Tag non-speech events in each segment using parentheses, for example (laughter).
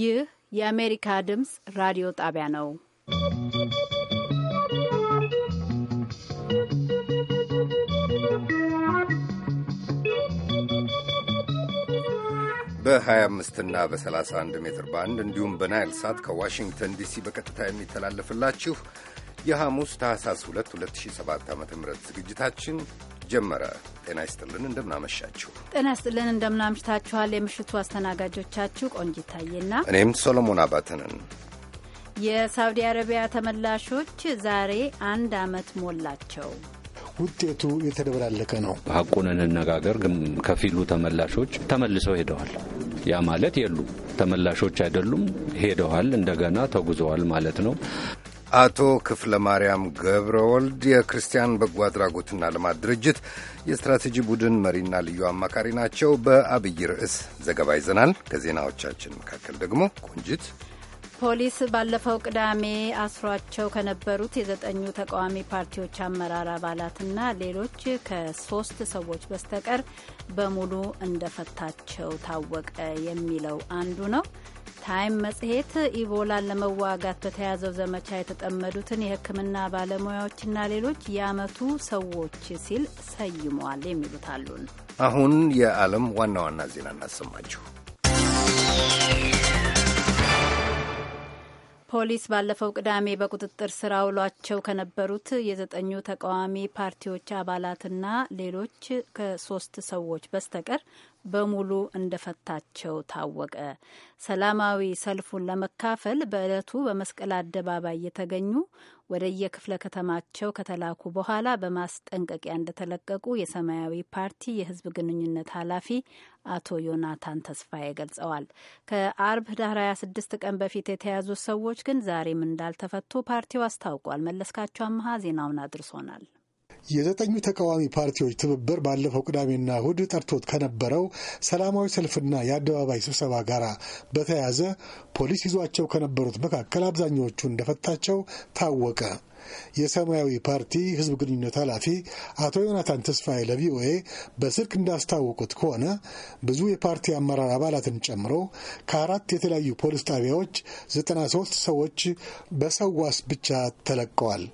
ይህ የአሜሪካ ድምፅ ራዲዮ ጣቢያ ነው። በ25 እና በ31 ሜትር ባንድ እንዲሁም በናይል ሳት ከዋሽንግተን ዲሲ በቀጥታ የሚተላለፍላችሁ የሐሙስ ታህሳስ 2 2007 ዓ ም ዝግጅታችን ጀመረ። ጤና ይስጥልን እንደምናመሻችሁ። ጤና ይስጥልን እንደምናምሽታችኋል። የምሽቱ አስተናጋጆቻችሁ ቆንጂት ታዬና እኔም ሶሎሞን አባተንን። የሳውዲ አረቢያ ተመላሾች ዛሬ አንድ ዓመት ሞላቸው። ውጤቱ የተደበላለቀ ነው። ሀቁን እንነጋገር፣ ግን ከፊሉ ተመላሾች ተመልሰው ሄደዋል። ያ ማለት የሉ ተመላሾች አይደሉም፣ ሄደዋል፣ እንደገና ተጉዘዋል ማለት ነው። አቶ ክፍለ ማርያም ገብረ ወልድ የክርስቲያን በጎ አድራጎትና ልማት ድርጅት የስትራቴጂ ቡድን መሪና ልዩ አማካሪ ናቸው። በአብይ ርዕስ ዘገባ ይዘናል። ከዜናዎቻችን መካከል ደግሞ ቆንጂት ፖሊስ ባለፈው ቅዳሜ አስሯቸው ከነበሩት የዘጠኙ ተቃዋሚ ፓርቲዎች አመራር አባላትና ሌሎች ከሶስት ሰዎች በስተቀር በሙሉ እንደፈታቸው ታወቀ የሚለው አንዱ ነው። ታይም መጽሔት ኢቦላን ለመዋጋት በተያዘው ዘመቻ የተጠመዱትን የሕክምና ባለሙያዎችና ሌሎች የአመቱ ሰዎች ሲል ሰይሟል። የሚሉት አሉን። አሁን የዓለም ዋና ዋና ዜና እናሰማችሁ። ፖሊስ ባለፈው ቅዳሜ በቁጥጥር ስር አውሏቸው ከነበሩት የዘጠኙ ተቃዋሚ ፓርቲዎች አባላትና ሌሎች ከሶስት ሰዎች በስተቀር በሙሉ እንደፈታቸው ታወቀ። ሰላማዊ ሰልፉን ለመካፈል በዕለቱ በመስቀል አደባባይ የተገኙ ወደየክፍለ ከተማቸው ከተላኩ በኋላ በማስጠንቀቂያ እንደተለቀቁ የሰማያዊ ፓርቲ የህዝብ ግንኙነት ኃላፊ አቶ ዮናታን ተስፋዬ ገልጸዋል። ከአርብ ዳ 26 ቀን በፊት የተያዙት ሰዎች ግን ዛሬም እንዳልተፈቱ ፓርቲው አስታውቋል። መለስካቸው አመሀ ዜናውን አድርሶናል። የዘጠኙ ተቃዋሚ ፓርቲዎች ትብብር ባለፈው ቅዳሜና እሁድ ጠርቶት ከነበረው ሰላማዊ ሰልፍና የአደባባይ ስብሰባ ጋር በተያያዘ ፖሊስ ይዟቸው ከነበሩት መካከል አብዛኛዎቹ እንደፈታቸው ታወቀ። የሰማያዊ ፓርቲ ሕዝብ ግንኙነት ኃላፊ አቶ ዮናታን ተስፋዬ ለቪኦኤ በስልክ እንዳስታወቁት ከሆነ ብዙ የፓርቲ አመራር አባላትን ጨምሮ ከአራት የተለያዩ ፖሊስ ጣቢያዎች ዘጠና ሶስት ሰዎች በሰዋስ ብቻ ተለቀዋል።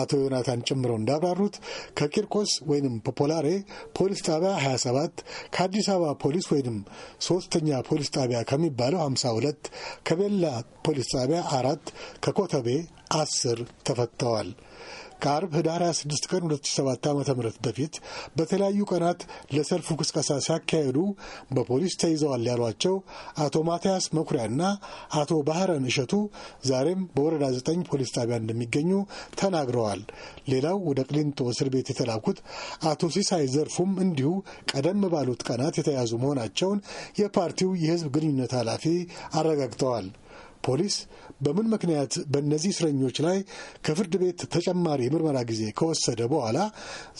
አቶ ዮናታን ጨምረው እንዳብራሩት ከቂርቆስ ወይንም ፖፖላሬ ፖሊስ ጣቢያ 27 ከአዲስ አበባ ፖሊስ ወይንም ሶስተኛ ፖሊስ ጣቢያ ከሚባለው 52 ከቤላ ፖሊስ ጣቢያ አራት ከኮተቤ አስር ተፈተዋል። ከአርብ ህዳር 26 ቀን 2007 ዓ ም በፊት በተለያዩ ቀናት ለሰልፉ ቅስቀሳ ሲያካሄዱ በፖሊስ ተይዘዋል ያሏቸው አቶ ማትያስ መኩሪያና አቶ ባህረን እሸቱ ዛሬም በወረዳ 9 ፖሊስ ጣቢያ እንደሚገኙ ተናግረዋል። ሌላው ወደ ቅሊንጦ እስር ቤት የተላኩት አቶ ሲሳይ ዘርፉም እንዲሁ ቀደም ባሉት ቀናት የተያዙ መሆናቸውን የፓርቲው የህዝብ ግንኙነት ኃላፊ አረጋግጠዋል። ፖሊስ በምን ምክንያት በእነዚህ እስረኞች ላይ ከፍርድ ቤት ተጨማሪ የምርመራ ጊዜ ከወሰደ በኋላ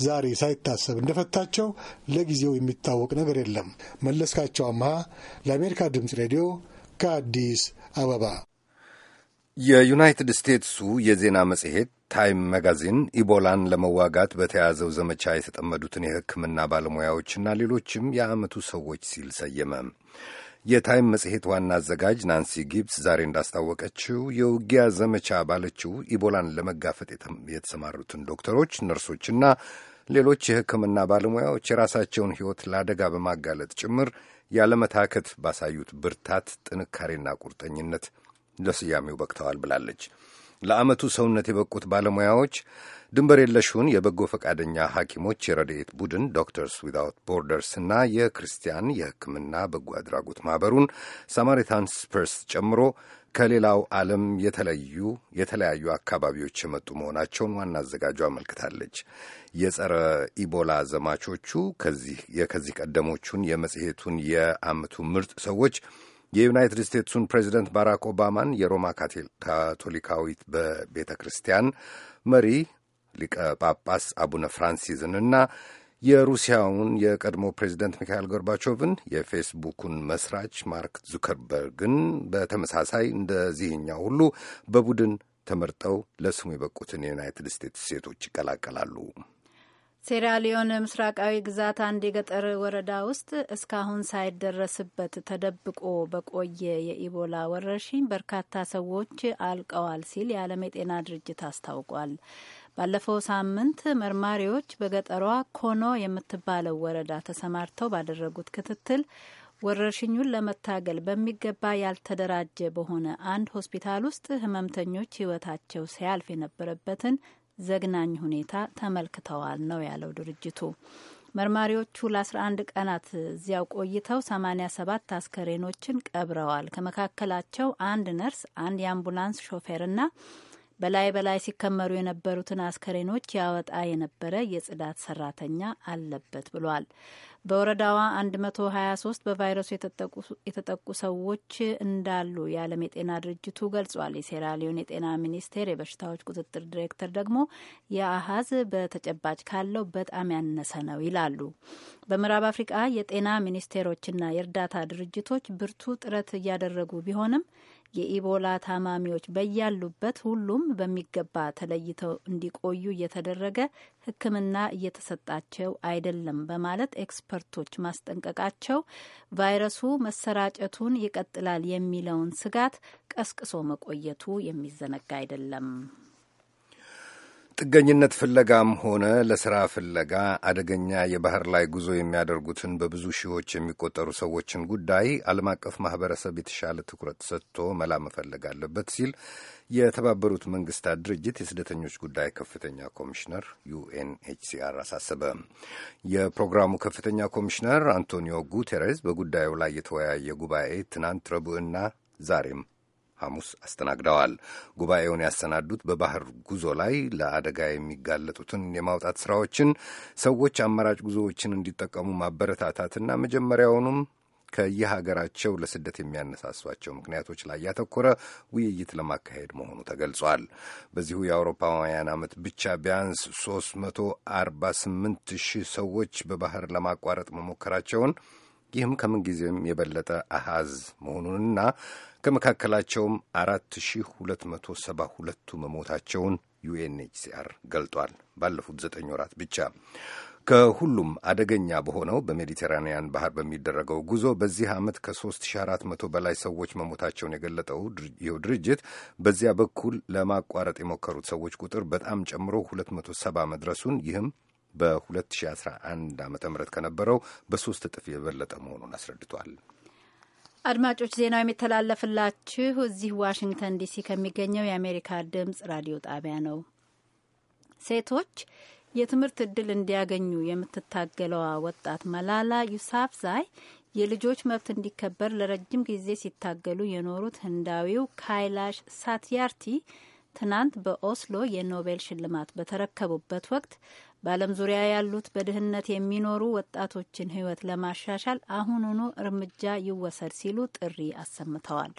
ዛሬ ሳይታሰብ እንደፈታቸው ለጊዜው የሚታወቅ ነገር የለም። መለስካቸው አምሃ ለአሜሪካ ድምፅ ሬዲዮ ከአዲስ አበባ። የዩናይትድ ስቴትሱ የዜና መጽሔት ታይም መጋዚን ኢቦላን ለመዋጋት በተያዘው ዘመቻ የተጠመዱትን የሕክምና ባለሙያዎችና ሌሎችም የአመቱ ሰዎች ሲል ሰየመ። የታይም መጽሔት ዋና አዘጋጅ ናንሲ ጊብስ ዛሬ እንዳስታወቀችው የውጊያ ዘመቻ ባለችው ኢቦላን ለመጋፈጥ የተሰማሩትን ዶክተሮች፣ ነርሶችና ሌሎች የሕክምና ባለሙያዎች የራሳቸውን ሕይወት ለአደጋ በማጋለጥ ጭምር ያለመታከት ባሳዩት ብርታት፣ ጥንካሬና ቁርጠኝነት ለስያሜው በቅተዋል ብላለች። ለዓመቱ ሰውነት የበቁት ባለሙያዎች ድንበር የለሹን የበጎ ፈቃደኛ ሐኪሞች የረድኤት ቡድን ዶክተርስ ዊዛውት ቦርደርስና የክርስቲያን የሕክምና በጎ አድራጎት ማኅበሩን ሳማሪታንስ ፐርስ ጨምሮ ከሌላው ዓለም የተለዩ የተለያዩ አካባቢዎች የመጡ መሆናቸውን ዋና አዘጋጁ አመልክታለች። የጸረ ኢቦላ ዘማቾቹ ከዚህ የከዚህ ቀደሞቹን የመጽሔቱን የዓመቱ ምርጥ ሰዎች የዩናይትድ ስቴትሱን ፕሬዚደንት ባራክ ኦባማን የሮማ ካቶሊካዊት በቤተ ክርስቲያን መሪ ሊቀ ጳጳስ አቡነ እና የሩሲያውን የቀድሞ ፕሬዚደንት ሚካኤል ጎርባቾቭን የፌስቡኩን መስራች ማርክ ዙከርበርግን በተመሳሳይ እንደዚህኛው ሁሉ በቡድን ተመርጠው ለስሙ የበቁትን የዩናይትድ ስቴትስ ሴቶች ይቀላቀላሉ። ሴራሊዮን ምስራቃዊ ግዛት አንድ የገጠር ወረዳ ውስጥ እስካሁን ሳይደረስበት ተደብቆ በቆየ የኢቦላ ወረርሽኝ በርካታ ሰዎች አልቀዋል ሲል የዓለም የጤና ድርጅት አስታውቋል። ባለፈው ሳምንት መርማሪዎች በገጠሯ ኮኖ የምትባለው ወረዳ ተሰማርተው ባደረጉት ክትትል ወረርሽኙን ለመታገል በሚገባ ያልተደራጀ በሆነ አንድ ሆስፒታል ውስጥ ህመምተኞች ህይወታቸው ሲያልፍ የነበረበትን ዘግናኝ ሁኔታ ተመልክተዋል ነው ያለው ድርጅቱ። መርማሪዎቹ ለ11 ቀናት እዚያው ቆይተው 87 አስከሬኖችን ቀብረዋል። ከመካከላቸው አንድ ነርስ፣ አንድ የአምቡላንስ ሾፌርና በላይ በላይ ሲከመሩ የነበሩትን አስከሬኖች ያወጣ የነበረ የጽዳት ሰራተኛ አለበት ብሏል። በወረዳዋ 123 በቫይረሱ የተጠቁ ሰዎች እንዳሉ የዓለም የጤና ድርጅቱ ገልጿል። የሴራሊዮን የጤና ሚኒስቴር የበሽታዎች ቁጥጥር ዲሬክተር ደግሞ የአሀዝ በተጨባጭ ካለው በጣም ያነሰ ነው ይላሉ። በምዕራብ አፍሪቃ የጤና ሚኒስቴሮችና የእርዳታ ድርጅቶች ብርቱ ጥረት እያደረጉ ቢሆንም የኢቦላ ታማሚዎች በያሉበት ሁሉም በሚገባ ተለይተው እንዲቆዩ እየተደረገ ሕክምና እየተሰጣቸው አይደለም በማለት ኤክስፐርቶች ማስጠንቀቃቸው ቫይረሱ መሰራጨቱን ይቀጥላል የሚለውን ስጋት ቀስቅሶ መቆየቱ የሚዘነጋ አይደለም። ጥገኝነት ፍለጋም ሆነ ለሥራ ፍለጋ አደገኛ የባህር ላይ ጉዞ የሚያደርጉትን በብዙ ሺዎች የሚቆጠሩ ሰዎችን ጉዳይ ዓለም አቀፍ ማኅበረሰብ የተሻለ ትኩረት ሰጥቶ መላ መፈለግ አለበት ሲል የተባበሩት መንግስታት ድርጅት የስደተኞች ጉዳይ ከፍተኛ ኮሚሽነር ዩኤንኤችሲአር አሳሰበ። የፕሮግራሙ ከፍተኛ ኮሚሽነር አንቶኒዮ ጉቴሬስ በጉዳዩ ላይ የተወያየ ጉባኤ ትናንት ረቡዕና ዛሬም ሐሙስ አስተናግደዋል። ጉባኤውን ያሰናዱት በባህር ጉዞ ላይ ለአደጋ የሚጋለጡትን የማውጣት ስራዎችን ሰዎች አማራጭ ጉዞዎችን እንዲጠቀሙ ማበረታታትና መጀመሪያውኑም ከየሀገራቸው ለስደት የሚያነሳሷቸው ምክንያቶች ላይ ያተኮረ ውይይት ለማካሄድ መሆኑ ተገልጿል። በዚሁ የአውሮፓውያን ዓመት ብቻ ቢያንስ 348 ሺህ ሰዎች በባህር ለማቋረጥ መሞከራቸውን ይህም ከምንጊዜም የበለጠ አሃዝ መሆኑንና ከመካከላቸውም 4272ቱ መሞታቸውን ዩኤንኤችሲአር ገልጧል። ባለፉት ዘጠኝ ወራት ብቻ ከሁሉም አደገኛ በሆነው በሜዲተራንያን ባህር በሚደረገው ጉዞ በዚህ ዓመት ከ3400 በላይ ሰዎች መሞታቸውን የገለጠው ይኸው ድርጅት በዚያ በኩል ለማቋረጥ የሞከሩት ሰዎች ቁጥር በጣም ጨምሮ 270 መድረሱን ይህም በ2011 ዓ ም ከነበረው በሦስት እጥፍ የበለጠ መሆኑን አስረድቷል። አድማጮች ዜናው የሚተላለፍላችሁ እዚህ ዋሽንግተን ዲሲ ከሚገኘው የአሜሪካ ድምጽ ራዲዮ ጣቢያ ነው። ሴቶች የትምህርት እድል እንዲያገኙ የምትታገለዋ ወጣት መላላ ዛይ የልጆች መብት እንዲከበር ለረጅም ጊዜ ሲታገሉ የኖሩት ህንዳዊው ካይላሽ ሳትያርቲ ትናንት በኦስሎ የኖቤል ሽልማት በተረከቡበት ወቅት በዓለም ዙሪያ ያሉት በድህነት የሚኖሩ ወጣቶችን ሕይወት ለማሻሻል አሁኑኑ እርምጃ ይወሰድ ሲሉ ጥሪ አሰምተዋል።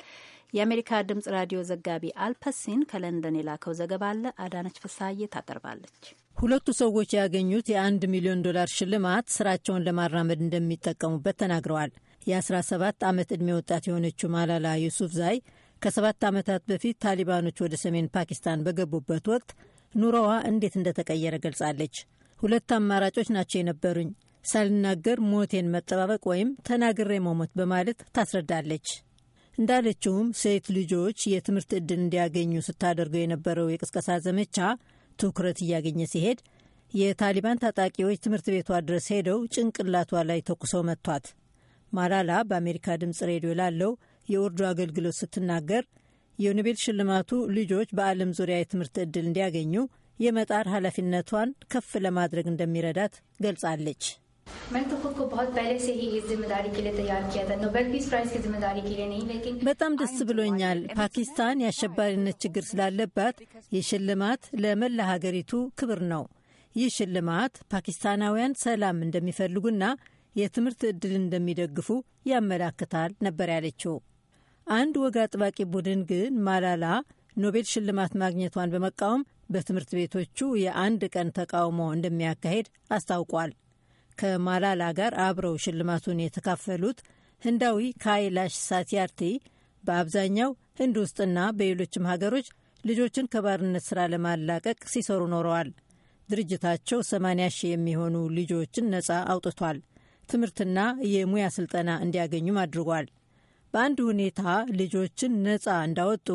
የአሜሪካ ድምጽ ራዲዮ ዘጋቢ አልፐሲን ከለንደን የላከው ዘገባ አለ። አዳነች ፍሳዬ ታቀርባለች። ሁለቱ ሰዎች ያገኙት የአንድ ሚሊዮን ዶላር ሽልማት ስራቸውን ለማራመድ እንደሚጠቀሙበት ተናግረዋል። የ17 ዓመት ዕድሜ ወጣት የሆነችው ማላላ ዩሱፍ ዛይ ከሰባት ዓመታት በፊት ታሊባኖች ወደ ሰሜን ፓኪስታን በገቡበት ወቅት ኑሮዋ እንዴት እንደተቀየረ ገልጻለች። ሁለት አማራጮች ናቸው የነበሩኝ ሳልናገር ሞቴን መጠባበቅ ወይም ተናግሬ መሞት በማለት ታስረዳለች። እንዳለችውም ሴት ልጆች የትምህርት ዕድል እንዲያገኙ ስታደርገው የነበረው የቅስቀሳ ዘመቻ ትኩረት እያገኘ ሲሄድ የታሊባን ታጣቂዎች ትምህርት ቤቷ ድረስ ሄደው ጭንቅላቷ ላይ ተኩሰው መጥቷት። ማላላ በአሜሪካ ድምፅ ሬዲዮ ላለው የኡርዱ አገልግሎት ስትናገር የኖቤል ሽልማቱ ልጆች በዓለም ዙሪያ የትምህርት ዕድል እንዲያገኙ የመጣር ኃላፊነቷን ከፍ ለማድረግ እንደሚረዳት ገልጻለች። በጣም ደስ ብሎኛል። ፓኪስታን የአሸባሪነት ችግር ስላለባት የሽልማት ሽልማት ለመላ ሀገሪቱ ክብር ነው። ይህ ሽልማት ፓኪስታናውያን ሰላም እንደሚፈልጉና የትምህርት ዕድል እንደሚደግፉ ያመላክታል ነበር ያለችው። አንድ ወግ አጥባቂ ቡድን ግን ማላላ ኖቤል ሽልማት ማግኘቷን በመቃወም በትምህርት ቤቶቹ የአንድ ቀን ተቃውሞ እንደሚያካሄድ አስታውቋል። ከማላላ ጋር አብረው ሽልማቱን የተካፈሉት ህንዳዊ ካይላሽ ሳቲያርቲ በአብዛኛው ህንድ ውስጥና በሌሎችም ሀገሮች ልጆችን ከባርነት ስራ ለማላቀቅ ሲሰሩ ኖረዋል። ድርጅታቸው 80 ሺህ የሚሆኑ ልጆችን ነፃ አውጥቷል። ትምህርትና የሙያ ስልጠና እንዲያገኙም አድርጓል። በአንድ ሁኔታ ልጆችን ነፃ እንዳወጡ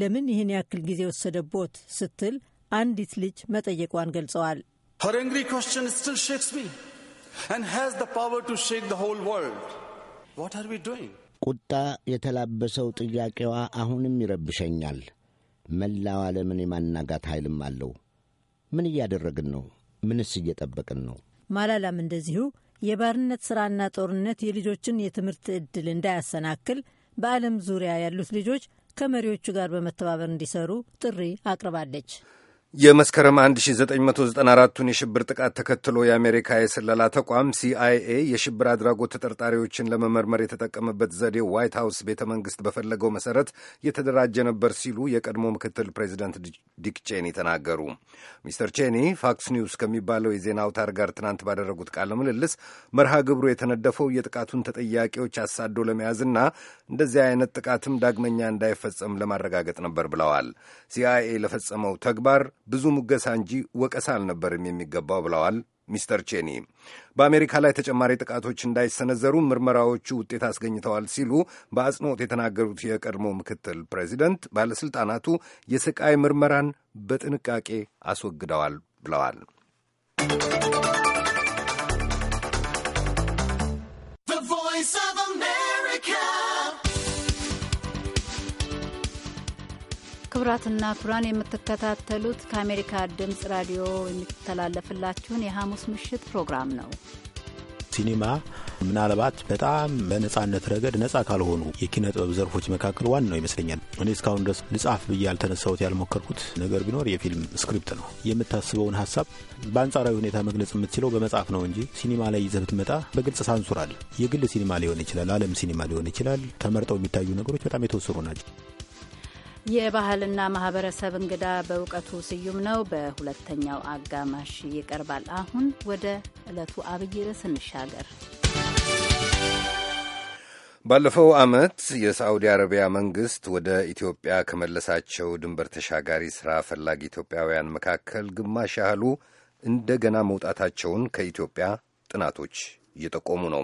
ለምን ይህን ያክል ጊዜ ወሰደቦት ስትል አንዲት ልጅ መጠየቋን ገልጸዋል። ቁጣ የተላበሰው ጥያቄዋ አሁንም ይረብሸኛል። መላው ዓለምን የማናጋት ኃይልም አለው። ምን እያደረግን ነው? ምንስ እየጠበቅን ነው? ማላላም እንደዚሁ የባርነት ስራና ጦርነት የልጆችን የትምህርት ዕድል እንዳያሰናክል በዓለም ዙሪያ ያሉት ልጆች ከመሪዎቹ ጋር በመተባበር እንዲሰሩ ጥሪ አቅርባለች። የመስከረም 1994ቱን የሽብር ጥቃት ተከትሎ የአሜሪካ የስለላ ተቋም ሲአይኤ የሽብር አድራጎት ተጠርጣሪዎችን ለመመርመር የተጠቀመበት ዘዴ ዋይት ሀውስ ቤተ መንግሥት በፈለገው መሠረት የተደራጀ ነበር ሲሉ የቀድሞ ምክትል ፕሬዚደንት ዲክ ቼኒ ተናገሩ። ሚስተር ቼኒ ፋክስ ኒውስ ከሚባለው የዜና አውታር ጋር ትናንት ባደረጉት ቃለ ምልልስ መርሃ ግብሩ የተነደፈው የጥቃቱን ተጠያቂዎች አሳዶ ለመያዝና እንደዚህ አይነት ጥቃትም ዳግመኛ እንዳይፈጸም ለማረጋገጥ ነበር ብለዋል። ሲአይኤ ለፈጸመው ተግባር ብዙ ሙገሳ እንጂ ወቀሳ አልነበርም የሚገባው ብለዋል ሚስተር ቼኒ። በአሜሪካ ላይ ተጨማሪ ጥቃቶች እንዳይሰነዘሩ ምርመራዎቹ ውጤት አስገኝተዋል ሲሉ በአጽንኦት የተናገሩት የቀድሞ ምክትል ፕሬዚደንት ባለሥልጣናቱ የስቃይ ምርመራን በጥንቃቄ አስወግደዋል ብለዋል። ክቡራትና ክቡራን የምትከታተሉት ከአሜሪካ ድምፅ ራዲዮ የሚተላለፍላችሁን የሐሙስ ምሽት ፕሮግራም ነው። ሲኒማ ምናልባት በጣም በነጻነት ረገድ ነጻ ካልሆኑ የኪነ ጥበብ ዘርፎች መካከል ዋናው ይመስለኛል። እኔ እስካሁን ድረስ ልጻፍ ብዬ ያልተነሳሁት ያልሞከርኩት ነገር ቢኖር የፊልም ስክሪፕት ነው። የምታስበውን ሀሳብ በአንጻራዊ ሁኔታ መግለጽ የምትችለው በመጽሐፍ ነው እንጂ ሲኒማ ላይ ይዘህ ብትመጣ በግልጽ ሳንሱራል። የግል ሲኒማ ሊሆን ይችላል፣ ዓለም ሲኒማ ሊሆን ይችላል። ተመርጠው የሚታዩ ነገሮች በጣም የተወሰኑ ናቸው። የባህልና ማህበረሰብ እንግዳ በእውቀቱ ስዩም ነው። በሁለተኛው አጋማሽ ይቀርባል። አሁን ወደ ዕለቱ አብይ ርዕስ እንሻገር። ባለፈው ዓመት የሳዑዲ አረቢያ መንግስት ወደ ኢትዮጵያ ከመለሳቸው ድንበር ተሻጋሪ ሥራ ፈላጊ ኢትዮጵያውያን መካከል ግማሽ ያህሉ እንደገና መውጣታቸውን ከኢትዮጵያ ጥናቶች እየጠቆሙ ነው።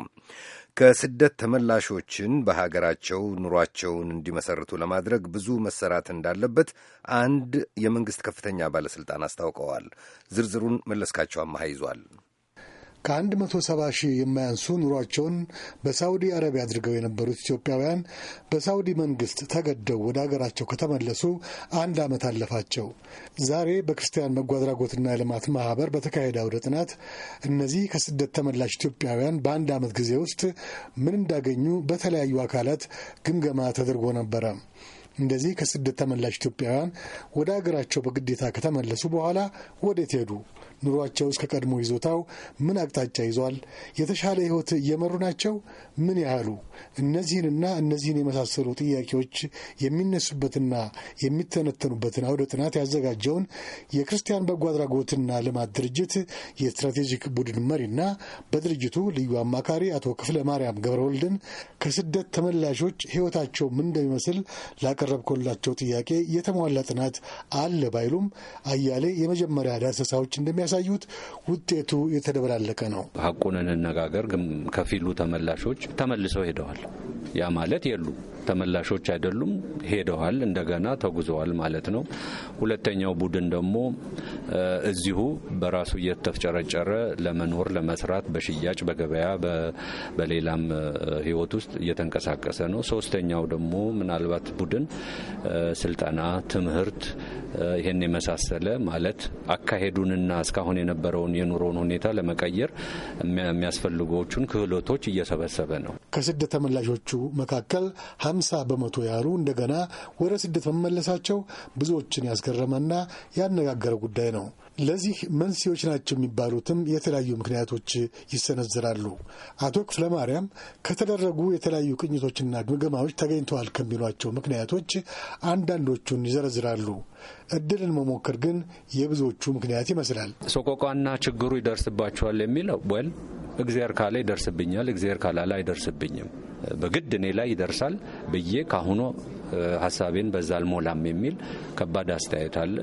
ከስደት ተመላሾችን በሀገራቸው ኑሯቸውን እንዲመሰርቱ ለማድረግ ብዙ መሰራት እንዳለበት አንድ የመንግስት ከፍተኛ ባለስልጣን አስታውቀዋል። ዝርዝሩን መለስካቸው አመሃ ይዟል። ከ170 ሺህ የማያንሱ ኑሯቸውን በሳውዲ አረቢያ አድርገው የነበሩት ኢትዮጵያውያን በሳውዲ መንግስት ተገደው ወደ አገራቸው ከተመለሱ አንድ ዓመት አለፋቸው። ዛሬ በክርስቲያን በጎ አድራጎትና የልማት ማህበር በተካሄደ አውደ ጥናት እነዚህ ከስደት ተመላሽ ኢትዮጵያውያን በአንድ ዓመት ጊዜ ውስጥ ምን እንዳገኙ በተለያዩ አካላት ግምገማ ተደርጎ ነበረ። እንደዚህ ከስደት ተመላሽ ኢትዮጵያውያን ወደ አገራቸው በግዴታ ከተመለሱ በኋላ ወዴት ሄዱ? ኑሯቸው እስከ ቀድሞ ይዞታው ምን አቅጣጫ ይዟል? የተሻለ ህይወት እየመሩ ናቸው? ምን ያህሉ? እነዚህንና እነዚህን የመሳሰሉ ጥያቄዎች የሚነሱበትና የሚተነተኑበትን አውደ ጥናት ያዘጋጀውን የክርስቲያን በጎ አድራጎትና ልማት ድርጅት የስትራቴጂክ ቡድን መሪና በድርጅቱ ልዩ አማካሪ አቶ ክፍለ ማርያም ገብረወልድን ከስደት ተመላሾች ህይወታቸው ምን እንደሚመስል ላቀረብኩላቸው ጥያቄ የተሟላ ጥናት አለ ባይሉም አያሌ የመጀመሪያ ዳሰሳዎች እንደሚያሳ የሚያሳዩት ውጤቱ የተደበላለቀ ነው። ሀቁን እንነጋገር፣ ከፊሉ ተመላሾች ተመልሰው ሄደዋል። ያ ማለት የሉ ተመላሾች አይደሉም፣ ሄደዋል፣ እንደገና ተጉዘዋል ማለት ነው። ሁለተኛው ቡድን ደግሞ እዚሁ በራሱ እየተፍጨረጨረ ለመኖር ለመስራት፣ በሽያጭ በገበያ በሌላም ህይወት ውስጥ እየተንቀሳቀሰ ነው። ሶስተኛው ደግሞ ምናልባት ቡድን ስልጠና፣ ትምህርት ይህን የመሳሰለ ማለት አካሄዱንና እስካሁን የነበረውን የኑሮውን ሁኔታ ለመቀየር የሚያስፈልጎቹን ክህሎቶች እየሰበሰበ ነው። ከስደት ተመላሾቹ መካከል ሀምሳ በመቶ ያህሉ እንደገና ወደ ስደት መመለሳቸው ብዙዎችን ያስገረመና ያነጋገረ ጉዳይ ነው። ለዚህ መንስኤዎች ናቸው የሚባሉትም የተለያዩ ምክንያቶች ይሰነዝራሉ። አቶ ክፍለ ማርያም ከተደረጉ የተለያዩ ቅኝቶችና ግምገማዎች ተገኝተዋል ከሚሏቸው ምክንያቶች አንዳንዶቹን ይዘረዝራሉ። እድልን መሞከር ግን የብዙዎቹ ምክንያት ይመስላል። ሶቆቋና ችግሩ ይደርስባቸዋል የሚለው ወል እግዚአብሔር ካለ ይደርስብኛል፣ እግዚአብሔር ካላለ አይደርስብኝም፣ በግድ እኔ ላይ ይደርሳል ብዬ ካሁኑ ሀሳቤን በዛ አልሞላም የሚል ከባድ አስተያየት አለ።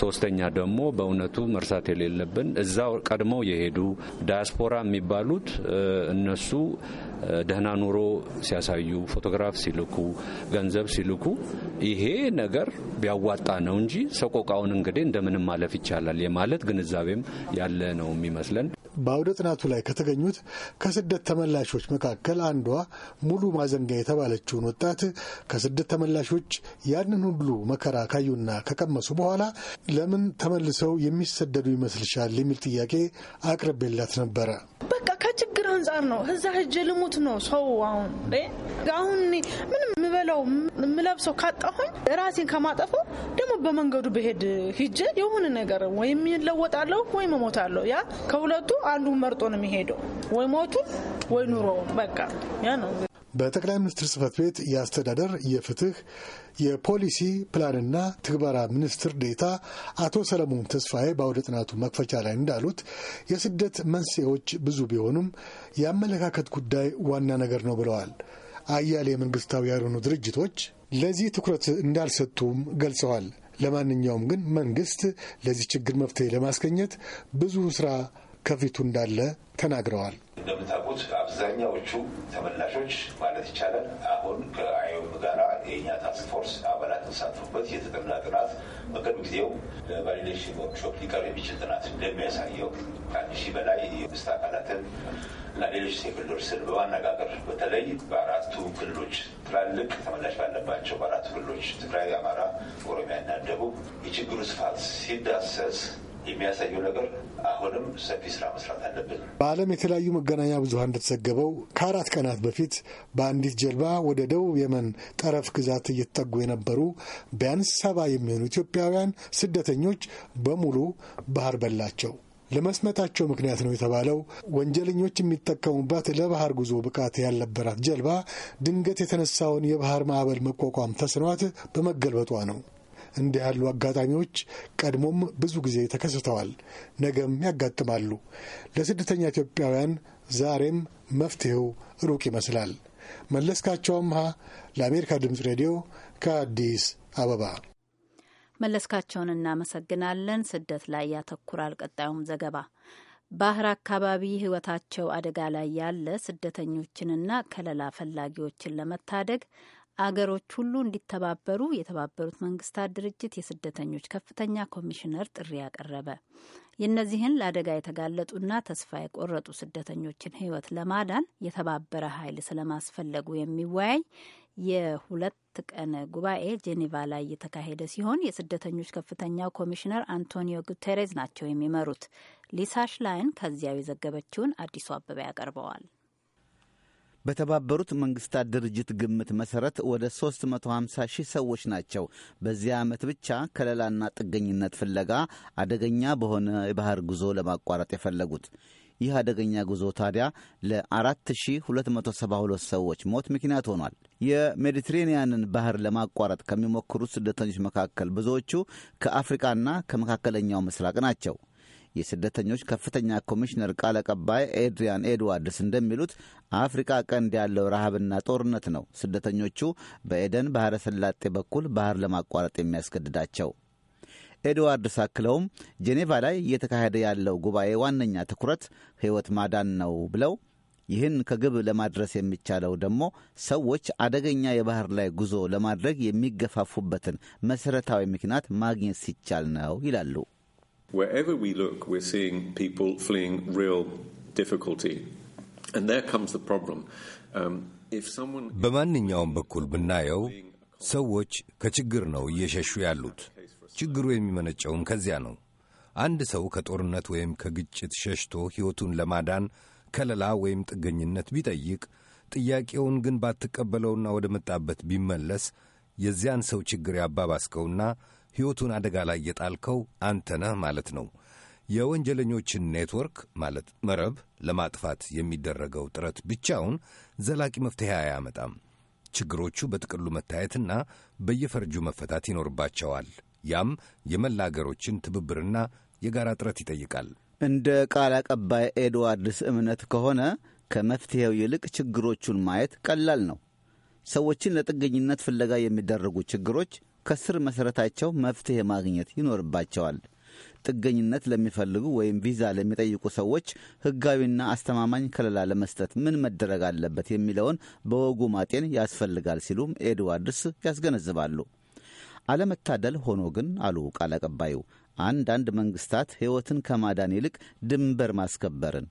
ሶስተኛ ደግሞ በእውነቱ መርሳት የሌለብን እዛው ቀድመው የሄዱ ዳያስፖራ የሚባሉት እነሱ ደህና ኑሮ ሲያሳዩ ፎቶግራፍ ሲልኩ፣ ገንዘብ ሲልኩ ይሄ ነገር ቢያዋጣ ነው እንጂ ሰቆቃውን እንግዲህ እንደምንም ማለፍ ይቻላል የማለት ግንዛቤም ያለ ነው የሚመስለን። በአውደ ጥናቱ ላይ ከተገኙት ከስደት ተመላሾች መካከል አንዷ ሙሉ ማዘንጋ የተባለችውን ወጣት ከስደት ተመላሾች ያንን ሁሉ መከራ ካዩና ከቀመሱ በኋላ ለምን ተመልሰው የሚሰደዱ ይመስልሻል የሚል ጥያቄ አቅርቤላት ነበረ። በቃ ከችግር አንጻር ነው። እዛ ህጅ ልሙት ነው ሰው አሁን አሁን ምንም የምበላው የምለብሰው ካጣሁኝ ራሴን ከማጠፈው ደግሞ በመንገዱ በሄድ ሂጄ የሆነ ነገር ወይም ይለወጣለሁ ወይም እሞታለሁ። ያ ከሁለቱ አንዱ መርጦ ነው የሚሄደው ወይ ሞቱ ወይ ኑሮ በቃ ያ ነው። በጠቅላይ ሚኒስትር ጽህፈት ቤት የአስተዳደር የፍትህ የፖሊሲ ፕላንና ትግበራ ሚኒስትር ዴታ አቶ ሰለሞን ተስፋዬ በአውደ ጥናቱ መክፈቻ ላይ እንዳሉት የስደት መንስኤዎች ብዙ ቢሆኑም የአመለካከት ጉዳይ ዋና ነገር ነው ብለዋል። አያሌ መንግስታዊ ያልሆኑ ድርጅቶች ለዚህ ትኩረት እንዳልሰጡም ገልጸዋል። ለማንኛውም ግን መንግስት ለዚህ ችግር መፍትሄ ለማስገኘት ብዙ ስራ ከፊቱ እንዳለ ተናግረዋል። እንደምታውቁት አብዛኛዎቹ ተመላሾች ማለት ይቻላል አሁን ከአይም ጋራ የእኛ ታስክ ፎርስ አባላት ተሳትፎበት የተጠና ጥናት በቅርብ ጊዜው ቫሊዴሽን ወርክሾፕ ሊቀር የሚችል ጥናት እንደሚያሳየው ከአንድ ሺህ በላይ የመንግስት አካላትን እና ሌሎች ስቴክሆልደርስን በማነጋገር በተለይ በአራቱ ክልሎች ትላልቅ ተመላሽ ባለባቸው በአራቱ ክልሎች ትግራይ፣ አማራ፣ ኦሮሚያና ደቡብ የችግሩ ስፋት ሲዳሰስ የሚያሳየው ነገር አሁንም ሰፊ ስራ መስራት አለብን። በዓለም የተለያዩ መገናኛ ብዙኃን እንደተዘገበው ከአራት ቀናት በፊት በአንዲት ጀልባ ወደ ደቡብ የመን ጠረፍ ግዛት እየተጠጉ የነበሩ ቢያንስ ሰባ የሚሆኑ ኢትዮጵያውያን ስደተኞች በሙሉ ባህር በላቸው። ለመስመታቸው ምክንያት ነው የተባለው ወንጀለኞች የሚጠቀሙባት ለባህር ጉዞ ብቃት ያልነበራት ጀልባ ድንገት የተነሳውን የባህር ማዕበል መቋቋም ተስኗት በመገልበጧ ነው። እንዲህ ያሉ አጋጣሚዎች ቀድሞም ብዙ ጊዜ ተከስተዋል፣ ነገም ያጋጥማሉ። ለስደተኛ ኢትዮጵያውያን ዛሬም መፍትሄው ሩቅ ይመስላል። መለስካቸው አምሃ ለአሜሪካ ድምፅ ሬዲዮ ከአዲስ አበባ። መለስካቸውን እናመሰግናለን። ስደት ላይ ያተኩራል ቀጣዩም ዘገባ። ባህር አካባቢ ሕይወታቸው አደጋ ላይ ያለ ስደተኞችንና ከለላ ፈላጊዎችን ለመታደግ አገሮች ሁሉ እንዲተባበሩ የተባበሩት መንግስታት ድርጅት የስደተኞች ከፍተኛ ኮሚሽነር ጥሪ አቀረበ። የእነዚህን ለአደጋ የተጋለጡና ተስፋ የቆረጡ ስደተኞችን ሕይወት ለማዳን የተባበረ ኃይል ስለማስፈለጉ የሚወያይ የሁለት ቀን ጉባኤ ጄኔቫ ላይ የተካሄደ ሲሆን የስደተኞች ከፍተኛው ኮሚሽነር አንቶኒዮ ጉቴሬዝ ናቸው የሚመሩት። ሊሳ ሽላይን ከዚያው የዘገበችውን አዲሱ አበባ ያቀርበዋል። በተባበሩት መንግስታት ድርጅት ግምት መሠረት ወደ 350 ሺህ ሰዎች ናቸው በዚህ ዓመት ብቻ ከለላና ጥገኝነት ፍለጋ አደገኛ በሆነ የባህር ጉዞ ለማቋረጥ የፈለጉት። ይህ አደገኛ ጉዞ ታዲያ ለ4272 ሰዎች ሞት ምክንያት ሆኗል። የሜዲትሬንያንን ባህር ለማቋረጥ ከሚሞክሩት ስደተኞች መካከል ብዙዎቹ ከአፍሪቃና ከመካከለኛው ምስራቅ ናቸው። የስደተኞች ከፍተኛ ኮሚሽነር ቃል አቀባይ ኤድሪያን ኤድዋርድስ እንደሚሉት አፍሪካ ቀንድ ያለው ረሃብና ጦርነት ነው ስደተኞቹ በኤደን ባሕረ ሰላጤ በኩል ባህር ለማቋረጥ የሚያስገድዳቸው። ኤድዋርድስ አክለውም ጄኔቫ ላይ እየተካሄደ ያለው ጉባኤ ዋነኛ ትኩረት ሕይወት ማዳን ነው ብለው ይህን ከግብ ለማድረስ የሚቻለው ደግሞ ሰዎች አደገኛ የባህር ላይ ጉዞ ለማድረግ የሚገፋፉበትን መሠረታዊ ምክንያት ማግኘት ሲቻል ነው ይላሉ። Wherever we look, we're seeing people fleeing real difficulty. And there comes the problem. Um, if someone... በማንኛውም በኩል ብናየው ሰዎች ከችግር ነው እየሸሹ ያሉት። ችግሩ የሚመነጨውም ከዚያ ነው። አንድ ሰው ከጦርነት ወይም ከግጭት ሸሽቶ ሕይወቱን ለማዳን ከለላ ወይም ጥገኝነት ቢጠይቅ ጥያቄውን ግን ባትቀበለውና ወደ መጣበት ቢመለስ የዚያን ሰው ችግር ያባባስከውና ሕይወቱን አደጋ ላይ የጣልከው አንተነህ ማለት ነው። የወንጀለኞችን ኔትወርክ ማለት መረብ ለማጥፋት የሚደረገው ጥረት ብቻውን ዘላቂ መፍትሄ አያመጣም። ችግሮቹ በጥቅሉ መታየትና በየፈርጁ መፈታት ይኖርባቸዋል። ያም የመላ አገሮችን ትብብርና የጋራ ጥረት ይጠይቃል። እንደ ቃል አቀባይ ኤድዋርድስ እምነት ከሆነ ከመፍትሔው ይልቅ ችግሮቹን ማየት ቀላል ነው። ሰዎችን ለጥገኝነት ፍለጋ የሚደረጉ ችግሮች ከስር መሠረታቸው መፍትሔ ማግኘት ይኖርባቸዋል። ጥገኝነት ለሚፈልጉ ወይም ቪዛ ለሚጠይቁ ሰዎች ሕጋዊና አስተማማኝ ከለላ ለመስጠት ምን መደረግ አለበት የሚለውን በወጉ ማጤን ያስፈልጋል ሲሉም ኤድዋርድስ ያስገነዝባሉ። አለመታደል ሆኖ ግን አሉ ቃል አቀባዩ፣ አንዳንድ መንግስታት ሕይወትን ከማዳን ይልቅ ድንበር ማስከበርን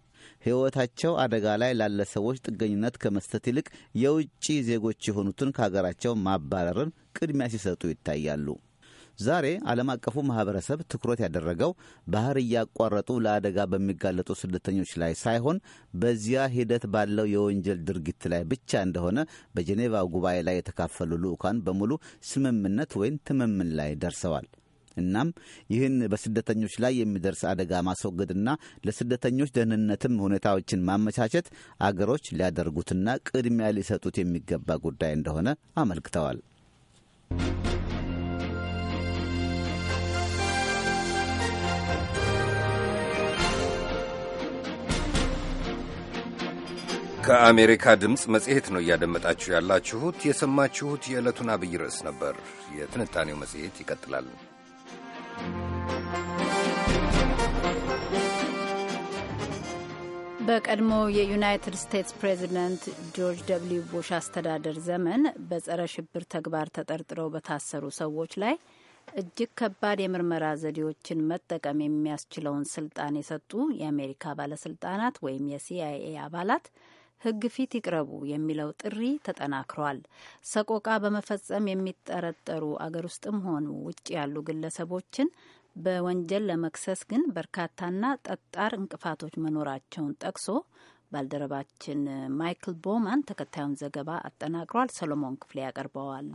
ሕይወታቸው አደጋ ላይ ላለ ሰዎች ጥገኝነት ከመስጠት ይልቅ የውጭ ዜጎች የሆኑትን ከሀገራቸው ማባረርን ቅድሚያ ሲሰጡ ይታያሉ። ዛሬ ዓለም አቀፉ ማህበረሰብ ትኩረት ያደረገው ባህር እያቋረጡ ለአደጋ በሚጋለጡ ስደተኞች ላይ ሳይሆን በዚያ ሂደት ባለው የወንጀል ድርጊት ላይ ብቻ እንደሆነ በጄኔቫ ጉባኤ ላይ የተካፈሉ ልዑካን በሙሉ ስምምነት ወይም ትምምን ላይ ደርሰዋል። እናም ይህን በስደተኞች ላይ የሚደርስ አደጋ ማስወገድና ለስደተኞች ደህንነትም ሁኔታዎችን ማመቻቸት አገሮች ሊያደርጉትና ቅድሚያ ሊሰጡት የሚገባ ጉዳይ እንደሆነ አመልክተዋል። ከአሜሪካ ድምፅ መጽሔት ነው እያደመጣችሁ ያላችሁት። የሰማችሁት የዕለቱን አብይ ርዕስ ነበር። የትንታኔው መጽሔት ይቀጥላል። በቀድሞ የዩናይትድ ስቴትስ ፕሬዚደንት ጆርጅ ደብልዩ ቡሽ አስተዳደር ዘመን በጸረ ሽብር ተግባር ተጠርጥረው በታሰሩ ሰዎች ላይ እጅግ ከባድ የምርመራ ዘዴዎችን መጠቀም የሚያስችለውን ስልጣን የሰጡ የአሜሪካ ባለስልጣናት ወይም የሲአይኤ አባላት ሕግ ፊት ይቅረቡ የሚለው ጥሪ ተጠናክሯል። ሰቆቃ በመፈጸም የሚጠረጠሩ አገር ውስጥም ሆኑ ውጭ ያሉ ግለሰቦችን በወንጀል ለመክሰስ ግን በርካታና ጠጣር እንቅፋቶች መኖራቸውን ጠቅሶ ባልደረባችን ማይክል ቦማን ተከታዩን ዘገባ አጠናቅሯል። ሰሎሞን ክፍሌ ያቀርበዋል።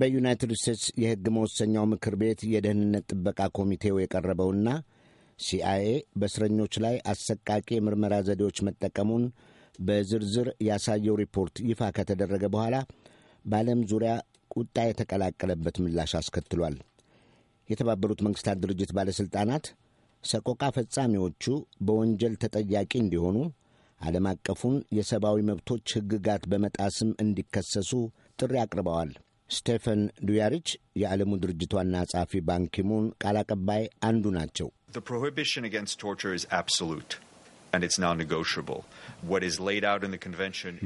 በዩናይትድ ስቴትስ የሕግ መወሰኛው ምክር ቤት የደህንነት ጥበቃ ኮሚቴው የቀረበውና ሲአይኤ በእስረኞች ላይ አሰቃቂ የምርመራ ዘዴዎች መጠቀሙን በዝርዝር ያሳየው ሪፖርት ይፋ ከተደረገ በኋላ በዓለም ዙሪያ ቁጣ የተቀላቀለበት ምላሽ አስከትሏል። የተባበሩት መንግሥታት ድርጅት ባለሥልጣናት ሰቆቃ ፈጻሚዎቹ በወንጀል ተጠያቂ እንዲሆኑ ዓለም አቀፉን የሰብአዊ መብቶች ሕግጋት በመጣስም እንዲከሰሱ ጥሪ አቅርበዋል። ስቴፈን ዱያሪች የዓለሙ ድርጅት ዋና ጸሐፊ ባንኪሙን ቃል አቀባይ አንዱ ናቸው።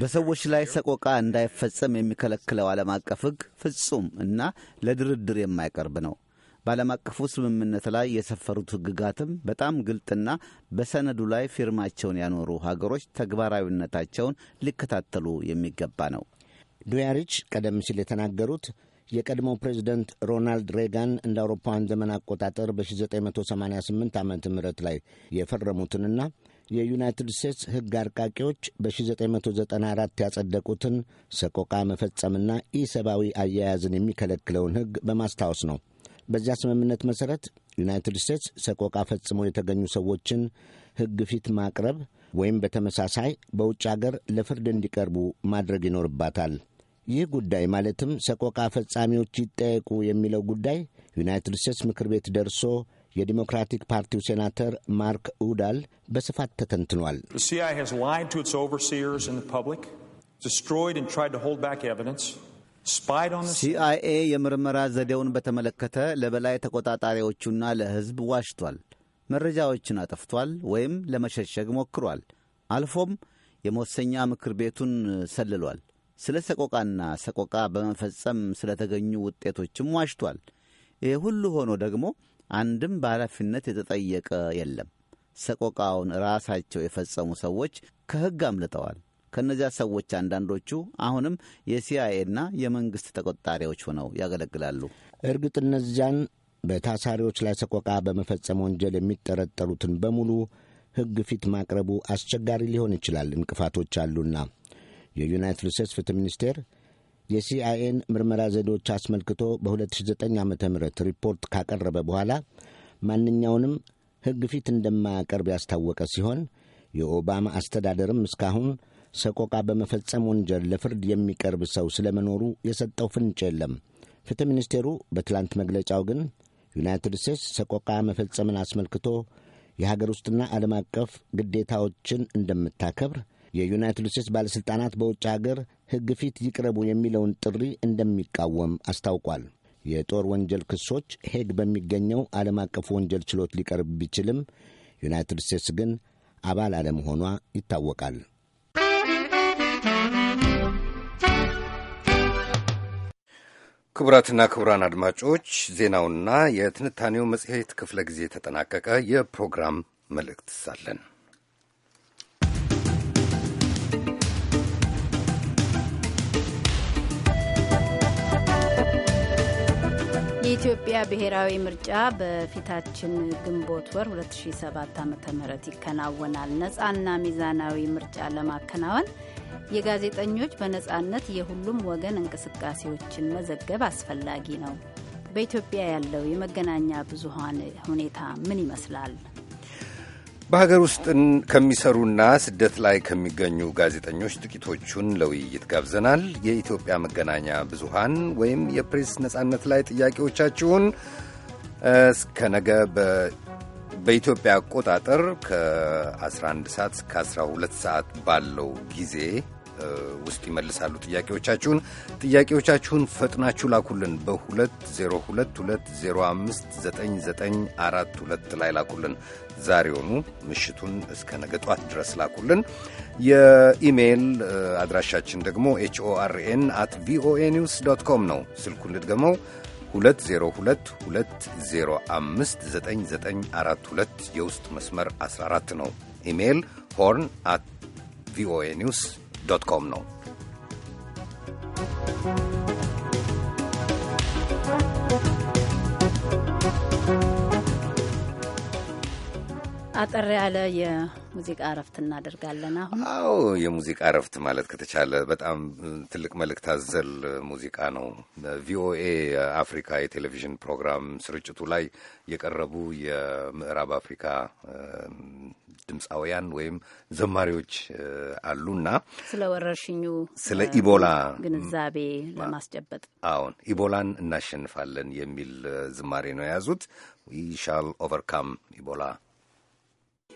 በሰዎች ላይ ሰቆቃ እንዳይፈጸም የሚከለክለው ዓለም አቀፍ ሕግ ፍጹም እና ለድርድር የማይቀርብ ነው። በዓለም አቀፉ ስምምነት ላይ የሰፈሩት ሕግጋትም በጣም ግልጥና በሰነዱ ላይ ፊርማቸውን ያኖሩ ሀገሮች ተግባራዊነታቸውን ሊከታተሉ የሚገባ ነው። ዱያሪች ቀደም ሲል የተናገሩት የቀድሞው ፕሬዚደንት ሮናልድ ሬጋን እንደ አውሮፓውያን ዘመን አቆጣጠር በ1988 ዓ ም ላይ የፈረሙትንና የዩናይትድ ስቴትስ ሕግ አርቃቂዎች በ1994 ያጸደቁትን ሰቆቃ መፈጸምና ኢሰብአዊ አያያዝን የሚከለክለውን ሕግ በማስታወስ ነው። በዚያ ስምምነት መሠረት ዩናይትድ ስቴትስ ሰቆቃ ፈጽመው የተገኙ ሰዎችን ሕግ ፊት ማቅረብ ወይም በተመሳሳይ በውጭ አገር ለፍርድ እንዲቀርቡ ማድረግ ይኖርባታል። ይህ ጉዳይ ማለትም ሰቆቃ ፈጻሚዎች ይጠየቁ የሚለው ጉዳይ ዩናይትድ ስቴትስ ምክር ቤት ደርሶ የዲሞክራቲክ ፓርቲው ሴናተር ማርክ ኡዳል በስፋት ተተንትኗል። ሲአይኤ የምርመራ ዘዴውን በተመለከተ ለበላይ ተቆጣጣሪዎቹና ለሕዝብ ዋሽቷል፣ መረጃዎችን አጠፍቷል ወይም ለመሸሸግ ሞክሯል። አልፎም የመወሰኛ ምክር ቤቱን ሰልሏል። ስለ ሰቆቃና ሰቆቃ በመፈጸም ስለተገኙ ውጤቶችም ዋሽቷል። ይህ ሁሉ ሆኖ ደግሞ አንድም በኃላፊነት የተጠየቀ የለም። ሰቆቃውን ራሳቸው የፈጸሙ ሰዎች ከሕግ አምልጠዋል። ከእነዚያ ሰዎች አንዳንዶቹ አሁንም የሲአይኤና የመንግሥት ተቆጣሪዎች ሆነው ያገለግላሉ። እርግጥ እነዚያን በታሳሪዎች ላይ ሰቆቃ በመፈጸም ወንጀል የሚጠረጠሩትን በሙሉ ሕግ ፊት ማቅረቡ አስቸጋሪ ሊሆን ይችላል። እንቅፋቶች አሉና የዩናይትድ ስቴትስ ፍትሕ ሚኒስቴር የሲአይኤን ምርመራ ዘዴዎች አስመልክቶ በ2009 ዓ ም ሪፖርት ካቀረበ በኋላ ማንኛውንም ሕግ ፊት እንደማያቀርብ ያስታወቀ ሲሆን የኦባማ አስተዳደርም እስካሁን ሰቆቃ በመፈጸም ወንጀል ለፍርድ የሚቀርብ ሰው ስለመኖሩ የሰጠው ፍንጭ የለም። ፍትሕ ሚኒስቴሩ በትላንት መግለጫው ግን ዩናይትድ ስቴትስ ሰቆቃ መፈጸምን አስመልክቶ የሀገር ውስጥና ዓለም አቀፍ ግዴታዎችን እንደምታከብር የዩናይትድ ስቴትስ ባለሥልጣናት በውጭ ሀገር ሕግ ፊት ይቅረቡ የሚለውን ጥሪ እንደሚቃወም አስታውቋል። የጦር ወንጀል ክሶች ሄግ በሚገኘው ዓለም አቀፉ ወንጀል ችሎት ሊቀርብ ቢችልም ዩናይትድ ስቴትስ ግን አባል አለመሆኗ ይታወቃል። ክቡራትና ክቡራን አድማጮች ዜናውና የትንታኔው መጽሔት ክፍለ ጊዜ ተጠናቀቀ። የፕሮግራም መልእክት ሳለን የኢትዮጵያ ብሔራዊ ምርጫ በፊታችን ግንቦት ወር 2007 ዓ ም ይከናወናል። ነፃና ሚዛናዊ ምርጫ ለማከናወን የጋዜጠኞች በነፃነት የሁሉም ወገን እንቅስቃሴዎችን መዘገብ አስፈላጊ ነው። በኢትዮጵያ ያለው የመገናኛ ብዙሃን ሁኔታ ምን ይመስላል? በሀገር ውስጥ ከሚሰሩና ስደት ላይ ከሚገኙ ጋዜጠኞች ጥቂቶቹን ለውይይት ጋብዘናል። የኢትዮጵያ መገናኛ ብዙሃን ወይም የፕሬስ ነጻነት ላይ ጥያቄዎቻችሁን እስከ ነገ በኢትዮጵያ አቆጣጠር ከ11 ሰዓት እስከ 12 ሰዓት ባለው ጊዜ ውስጥ ይመልሳሉ። ጥያቄዎቻችሁን ጥያቄዎቻችሁን ፈጥናችሁ ላኩልን። በ2022059942 ላይ ላኩልን። ዛሬውኑ ምሽቱን እስከ ነገ ጧት ድረስ ላኩልን። የኢሜይል አድራሻችን ደግሞ ኤችኦአርኤን አት ቪኦኤ ኒውስ ዶት ኮም ነው። ስልኩን ልድገመው 2022059942 የውስጥ መስመር 14 ነው። ኢሜይል ሆርን አት ቪኦኤ ኒውስ dot com, non. አጠር ያለ የሙዚቃ እረፍት እናደርጋለን። አሁን አዎ፣ የሙዚቃ እረፍት ማለት ከተቻለ በጣም ትልቅ መልእክት አዘል ሙዚቃ ነው። ቪኦኤ አፍሪካ የቴሌቪዥን ፕሮግራም ስርጭቱ ላይ የቀረቡ የምዕራብ አፍሪካ ድምፃውያን ወይም ዘማሪዎች አሉና ስለ ወረርሽኙ ስለ ኢቦላ ግንዛቤ ለማስጨበጥ አዎን፣ ኢቦላን እናሸንፋለን የሚል ዝማሬ ነው የያዙት። ዊ ሻል ኦቨርካም ኢቦላ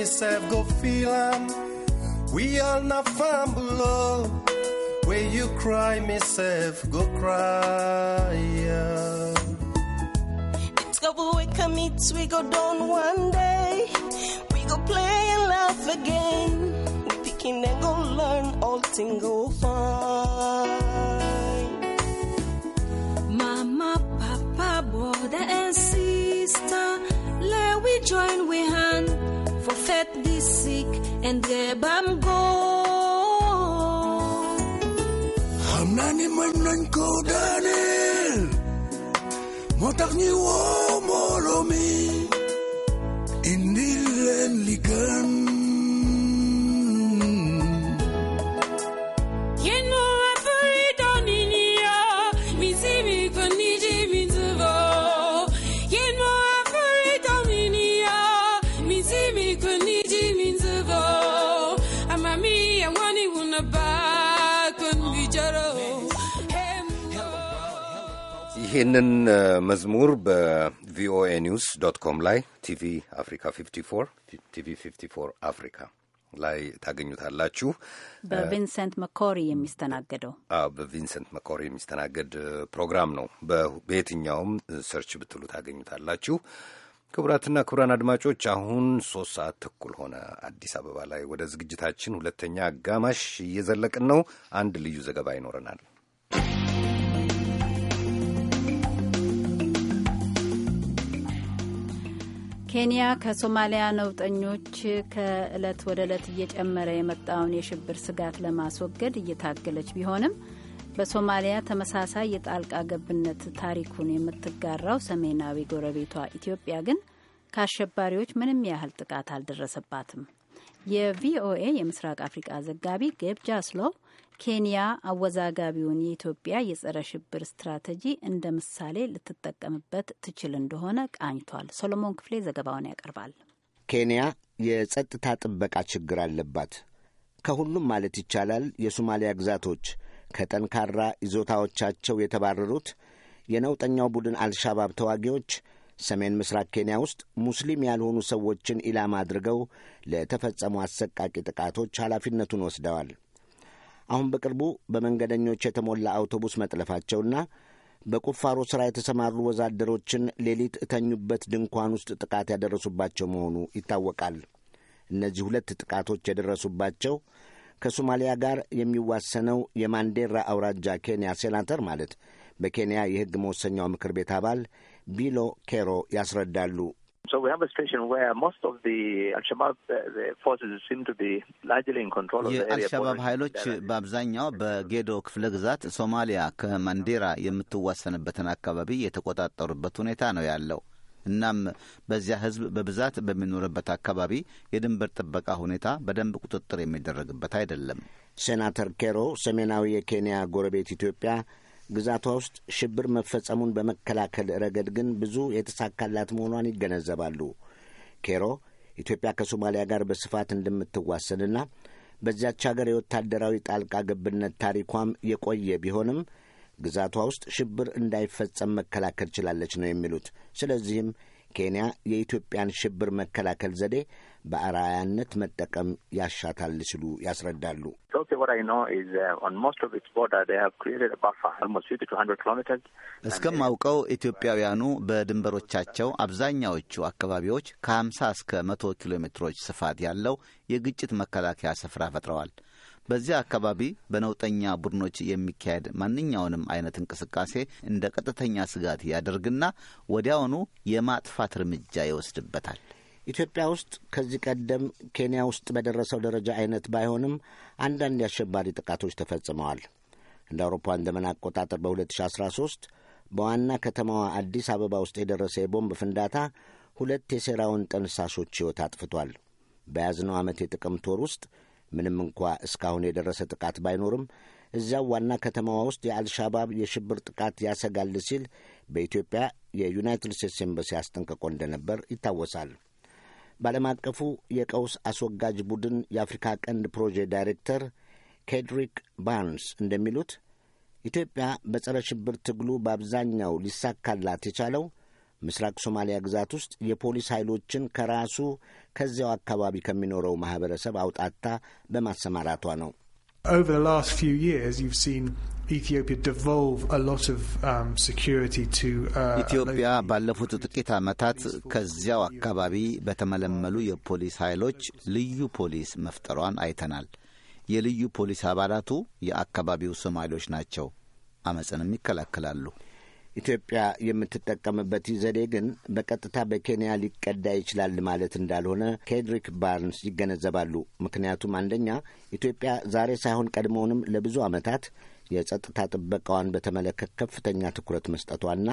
myself go feel am. We all na famble. Oh. Where you cry myself go cry. Yeah. The we commit, we go down one day. We go play and laugh again. We picking and go learn all things go fine. Mama, papa, brother and sister, let we join we hand get thee sick and grab I'm gone. Hamnani manan ko Daniel, motak ni wo molomi, indilen likan ይህንን መዝሙር በቪኦኤ ኒውስ ዶት ኮም ላይ ቲቪ አፍሪካ 54 ቲቪ 54 አፍሪካ ላይ ታገኙታላችሁ። በቪንሰንት መኮሪ የሚስተናገደው በቪንሰንት መኮሪ የሚስተናገድ ፕሮግራም ነው። በየትኛውም ሰርች ብትሉ ታገኙታላችሁ። ክቡራትና ክቡራን አድማጮች አሁን ሶስት ሰዓት ተኩል ሆነ አዲስ አበባ ላይ። ወደ ዝግጅታችን ሁለተኛ አጋማሽ እየዘለቅን ነው። አንድ ልዩ ዘገባ ይኖረናል። ኬንያ ከሶማሊያ ነውጠኞች ከእለት ወደ ዕለት እየጨመረ የመጣውን የሽብር ስጋት ለማስወገድ እየታገለች ቢሆንም በሶማሊያ ተመሳሳይ የጣልቃ ገብነት ታሪኩን የምትጋራው ሰሜናዊ ጎረቤቷ ኢትዮጵያ ግን ከአሸባሪዎች ምንም ያህል ጥቃት አልደረሰባትም። የቪኦኤ የምስራቅ አፍሪቃ ዘጋቢ ጌብ ጃስሎው ኬንያ አወዛጋቢውን የኢትዮጵያ የጸረ ሽብር ስትራቴጂ እንደ ምሳሌ ልትጠቀምበት ትችል እንደሆነ ቃኝቷል። ሶሎሞን ክፍሌ ዘገባውን ያቀርባል። ኬንያ የጸጥታ ጥበቃ ችግር አለባት። ከሁሉም ማለት ይቻላል የሶማሊያ ግዛቶች ከጠንካራ ይዞታዎቻቸው የተባረሩት የነውጠኛው ቡድን አልሻባብ ተዋጊዎች ሰሜን ምስራቅ ኬንያ ውስጥ ሙስሊም ያልሆኑ ሰዎችን ኢላማ አድርገው ለተፈጸሙ አሰቃቂ ጥቃቶች ኃላፊነቱን ወስደዋል። አሁን በቅርቡ በመንገደኞች የተሞላ አውቶቡስ መጥለፋቸውና በቁፋሮ ሥራ የተሰማሩ ወዛደሮችን ሌሊት እተኙበት ድንኳን ውስጥ ጥቃት ያደረሱባቸው መሆኑ ይታወቃል። እነዚህ ሁለት ጥቃቶች የደረሱባቸው ከሶማሊያ ጋር የሚዋሰነው የማንዴራ አውራጃ ኬንያ ሴናተር ማለት በኬንያ የሕግ መወሰኛው ምክር ቤት አባል ቢሎ ኬሮ ያስረዳሉ። So we have a situation where most of the Al-Shabaab uh, forces seem to be largely in control of the area. የአልሻባብ ኃይሎች በአብዛኛው በጌዶ ክፍለ ግዛት ሶማሊያ ከማንዴራ የምትዋሰንበትን አካባቢ የተቆጣጠሩበት ሁኔታ ነው ያለው። እናም በዚያ ህዝብ በብዛት በሚኖርበት አካባቢ የድንበር ጥበቃ ሁኔታ በደንብ ቁጥጥር የሚደረግበት አይደለም። ሴናተር ኬሮ ሰሜናዊ የኬንያ ጎረቤት ኢትዮጵያ ግዛቷ ውስጥ ሽብር መፈጸሙን በመከላከል ረገድ ግን ብዙ የተሳካላት መሆኗን ይገነዘባሉ። ኬሮ ኢትዮጵያ ከሶማሊያ ጋር በስፋት እንደምትዋሰንና በዚያች ሀገር የወታደራዊ ጣልቃ ገብነት ታሪኳም የቆየ ቢሆንም ግዛቷ ውስጥ ሽብር እንዳይፈጸም መከላከል ችላለች ነው የሚሉት። ስለዚህም ኬንያ የኢትዮጵያን ሽብር መከላከል ዘዴ በአራያነት መጠቀም ያሻታል ሲሉ ያስረዳሉ። uh, እስከማውቀው ኢትዮጵያውያኑ በድንበሮቻቸው አብዛኛዎቹ አካባቢዎች ከ50 እስከ 100 ኪሎ ሜትሮች ስፋት ያለው የግጭት መከላከያ ስፍራ ፈጥረዋል። በዚህ አካባቢ በነውጠኛ ቡድኖች የሚካሄድ ማንኛውንም አይነት እንቅስቃሴ እንደ ቀጥተኛ ስጋት ያደርግና ወዲያውኑ የማጥፋት እርምጃ ይወስድበታል። ኢትዮጵያ ውስጥ ከዚህ ቀደም ኬንያ ውስጥ በደረሰው ደረጃ አይነት ባይሆንም አንዳንድ የአሸባሪ ጥቃቶች ተፈጽመዋል። እንደ አውሮፓውያን ዘመን አቆጣጠር በ2013 በዋና ከተማዋ አዲስ አበባ ውስጥ የደረሰ የቦምብ ፍንዳታ ሁለት የሴራውን ጠንሳሾች ሕይወት አጥፍቷል። በያዝነው ዓመት የጥቅምት ወር ውስጥ ምንም እንኳ እስካሁን የደረሰ ጥቃት ባይኖርም እዚያው ዋና ከተማዋ ውስጥ የአልሻባብ የሽብር ጥቃት ያሰጋል ሲል በኢትዮጵያ የዩናይትድ ስቴትስ ኤምባሲ አስጠንቅቆ እንደነበር ይታወሳል። በዓለም አቀፉ የቀውስ አስወጋጅ ቡድን የአፍሪካ ቀንድ ፕሮጀክት ዳይሬክተር ኬድሪክ ባርንስ እንደሚሉት ኢትዮጵያ በጸረ ሽብር ትግሉ በአብዛኛው ሊሳካላት የቻለው ምስራቅ ሶማሊያ ግዛት ውስጥ የፖሊስ ኃይሎችን ከራሱ ከዚያው አካባቢ ከሚኖረው ማህበረሰብ አውጣታ በማሰማራቷ ነው። Over the last few years, you've seen ኢትዮጵያ um, uh, ባለፉት ጥቂት ዓመታት ከዚያው አካባቢ በተመለመሉ የፖሊስ ኃይሎች ልዩ ፖሊስ መፍጠሯን አይተናል። የልዩ ፖሊስ አባላቱ የአካባቢው ሶማሌዎች ናቸው። አመፅንም ይከላከላሉ። ኢትዮጵያ የምትጠቀምበት ይህ ዘዴ ግን በቀጥታ በኬንያ ሊቀዳ ይችላል ማለት እንዳልሆነ ኬድሪክ ባርንስ ይገነዘባሉ። ምክንያቱም አንደኛ ኢትዮጵያ ዛሬ ሳይሆን ቀድሞውንም ለብዙ ዓመታት የጸጥታ ጥበቃዋን በተመለከት ከፍተኛ ትኩረት መስጠቷና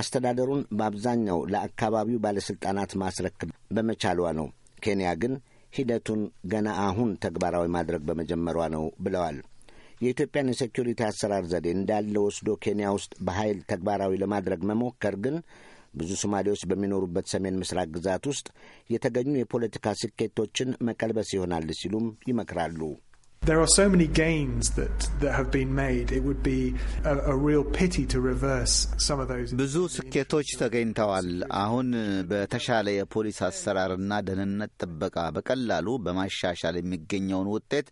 አስተዳደሩን በአብዛኛው ለአካባቢው ባለሥልጣናት ማስረከብ በመቻሏ ነው። ኬንያ ግን ሂደቱን ገና አሁን ተግባራዊ ማድረግ በመጀመሯ ነው ብለዋል። የኢትዮጵያን የሴኪሪቲ አሰራር ዘዴ እንዳለ ወስዶ ኬንያ ውስጥ በኃይል ተግባራዊ ለማድረግ መሞከር ግን ብዙ ሶማሌዎች በሚኖሩበት ሰሜን ምስራቅ ግዛት ውስጥ የተገኙ የፖለቲካ ስኬቶችን መቀልበስ ይሆናል ሲሉም ይመክራሉ። There are so many gains that, that have been made. It would be a, a real pity to reverse some of those. ብዙ ስኬቶች ተገኝተዋል። አሁን በተሻለ የፖሊስ አሰራርና ደህንነት ጥበቃ በቀላሉ በማሻሻል የሚገኘውን ውጤት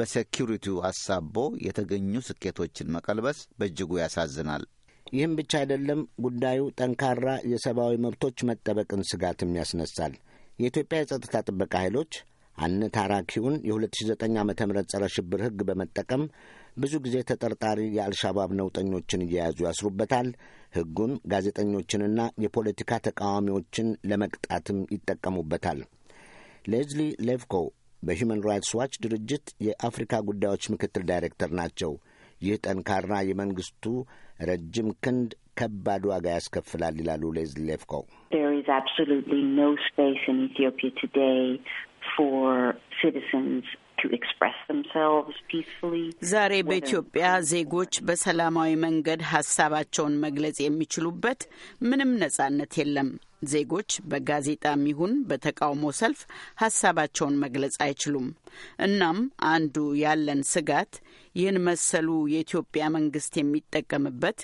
በሴኪሪቲው አሳቦ የተገኙ ስኬቶችን መቀልበስ በእጅጉ ያሳዝናል። ይህም ብቻ አይደለም። ጉዳዩ ጠንካራ የሰብአዊ መብቶች መጠበቅን ስጋትም ያስነሳል። የኢትዮጵያ የጸጥታ ጥበቃ ኃይሎች አነታራኪውን የ2009 ዓ ም ጸረ ሽብር ሕግ በመጠቀም ብዙ ጊዜ ተጠርጣሪ የአልሻባብ ነውጠኞችን እየያዙ ያስሩበታል። ሕጉን ጋዜጠኞችንና የፖለቲካ ተቃዋሚዎችን ለመቅጣትም ይጠቀሙበታል። ሌዝሊ ሌቭኮ በሂውማን ራይትስ ዋች ድርጅት የአፍሪካ ጉዳዮች ምክትል ዳይሬክተር ናቸው። ይህ ጠንካራ የመንግስቱ ረጅም ክንድ ከባድ ዋጋ ያስከፍላል ይላሉ ሌዝሊ ሌቭኮ። ዛሬ በኢትዮጵያ ዜጎች በሰላማዊ መንገድ ሀሳባቸውን መግለጽ የሚችሉበት ምንም ነጻነት የለም። ዜጎች በጋዜጣም ይሁን በተቃውሞ ሰልፍ ሀሳባቸውን መግለጽ አይችሉም። እናም አንዱ ያለን ስጋት ይህን መሰሉ የኢትዮጵያ መንግስት የሚጠቀምበት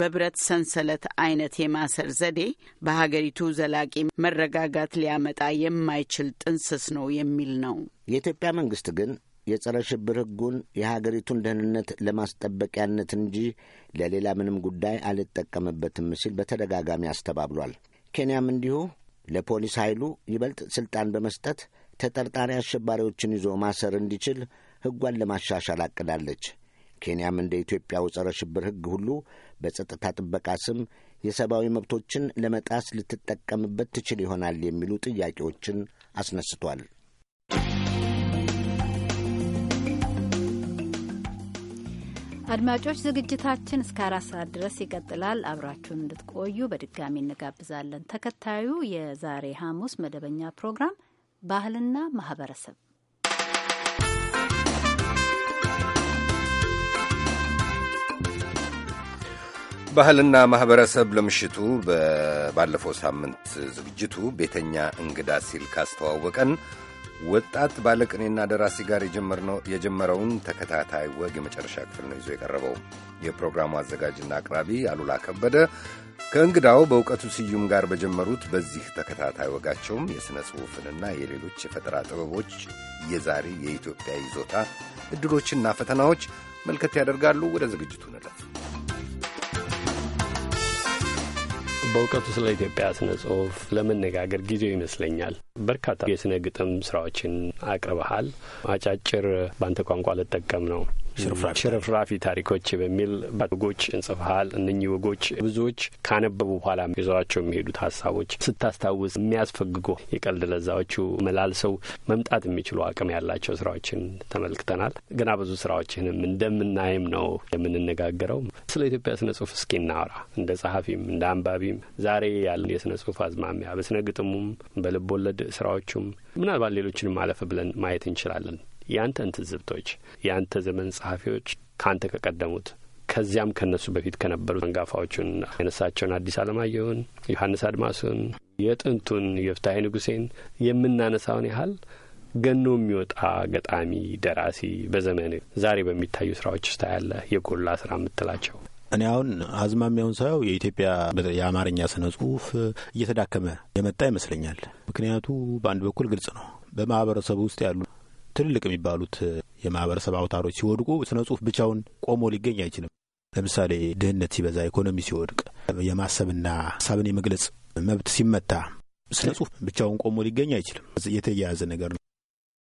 በብረት ሰንሰለት አይነት የማሰር ዘዴ በሀገሪቱ ዘላቂ መረጋጋት ሊያመጣ የማይችል ጥንስስ ነው የሚል ነው። የኢትዮጵያ መንግስት ግን የጸረ ሽብር ህጉን የሀገሪቱን ደህንነት ለማስጠበቂያነት እንጂ ለሌላ ምንም ጉዳይ አልጠቀምበትም ሲል በተደጋጋሚ አስተባብሏል። ኬንያም እንዲሁ ለፖሊስ ኃይሉ ይበልጥ ስልጣን በመስጠት ተጠርጣሪ አሸባሪዎችን ይዞ ማሰር እንዲችል ህጓን ለማሻሻል አቅዳለች። ኬንያም እንደ ኢትዮጵያው ጸረ ሽብር ህግ ሁሉ በጸጥታ ጥበቃ ስም የሰብአዊ መብቶችን ለመጣስ ልትጠቀምበት ትችል ይሆናል የሚሉ ጥያቄዎችን አስነስቷል። አድማጮች ዝግጅታችን እስከ አራት ሰዓት ድረስ ይቀጥላል። አብራችሁን እንድትቆዩ በድጋሚ እንጋብዛለን። ተከታዩ የዛሬ ሐሙስ መደበኛ ፕሮግራም ባህልና ማህበረሰብ ባህልና ማህበረሰብ ለምሽቱ ባለፈው ሳምንት ዝግጅቱ ቤተኛ እንግዳ ሲል ካስተዋወቀን ወጣት ባለቅኔና ደራሲ ጋር የጀመረውን ተከታታይ ወግ የመጨረሻ ክፍል ነው ይዞ የቀረበው። የፕሮግራሙ አዘጋጅና አቅራቢ አሉላ ከበደ ከእንግዳው በእውቀቱ ስዩም ጋር በጀመሩት በዚህ ተከታታይ ወጋቸውም የሥነ ጽሑፍንና የሌሎች የፈጠራ ጥበቦች የዛሬ የኢትዮጵያ ይዞታ እድሎችና ፈተናዎች መልከት ያደርጋሉ። ወደ ዝግጅቱ ንለፍ። በእውቀቱ ስለ ኢትዮጵያ ስነ ጽሁፍ ለመነጋገር ጊዜው ይመስለኛል። በርካታ የስነ ግጥም ስራዎችን አቅርበሃል። አጫጭር በአንተ ቋንቋ ልጠቀም ነው ሽርፍራፊ ታሪኮች በሚል ወጎች እንጽፈሃል። እነኚህ ወጎች ብዙዎች ካነበቡ በኋላ ይዘዋቸው የሚሄዱት ሀሳቦች ስታስታውስ የሚያስፈግጎ የቀልድ ለዛዎቹ መላልሰው መምጣት የሚችሉ አቅም ያላቸው ስራዎችን ተመልክተናል። ገና ብዙ ስራዎችንም እንደምናይም ነው የምንነጋገረው። ስለ ኢትዮጵያ ስነ ጽሁፍ እስኪ እናወራ። እንደ ጸሐፊም እንደ አንባቢም ዛሬ ያለን የስነ ጽሁፍ አዝማሚያ በስነ ግጥሙም በልብ ወለድ ስራዎቹም ምናልባት ሌሎችንም አለፍ ብለን ማየት እንችላለን። ያንተን ትዝብቶች የአንተ ዘመን ጸሐፊዎች ከአንተ ከቀደሙት ከዚያም ከእነሱ በፊት ከነበሩት አንጋፋዎቹን ያነሳቸውን አዲስ አለማየሁን፣ ዮሐንስ አድማሱን፣ የጥንቱን የፍትሐ ንጉሴን የምናነሳውን ያህል ገኖ የሚወጣ ገጣሚ፣ ደራሲ በዘመን ዛሬ በሚታዩ ስራዎች ውስጥ ያለ የጎላ ስራ የምትላቸው እኔ አሁን አዝማሚያውን ሳየው የኢትዮጵያ የአማርኛ ስነ ጽሁፍ እየተዳከመ የመጣ ይመስለኛል። ምክንያቱ በአንድ በኩል ግልጽ ነው። በማህበረሰቡ ውስጥ ያሉ ትልልቅ የሚባሉት የማህበረሰብ አውታሮች ሲወድቁ ስነ ጽሁፍ ብቻውን ቆሞ ሊገኝ አይችልም። ለምሳሌ ድህነት ሲበዛ፣ ኢኮኖሚ ሲወድቅ፣ የማሰብና ሀሳብን የመግለጽ መብት ሲመታ ስነ ጽሁፍ ብቻውን ቆሞ ሊገኝ አይችልም። የተያያዘ ነገር ነው።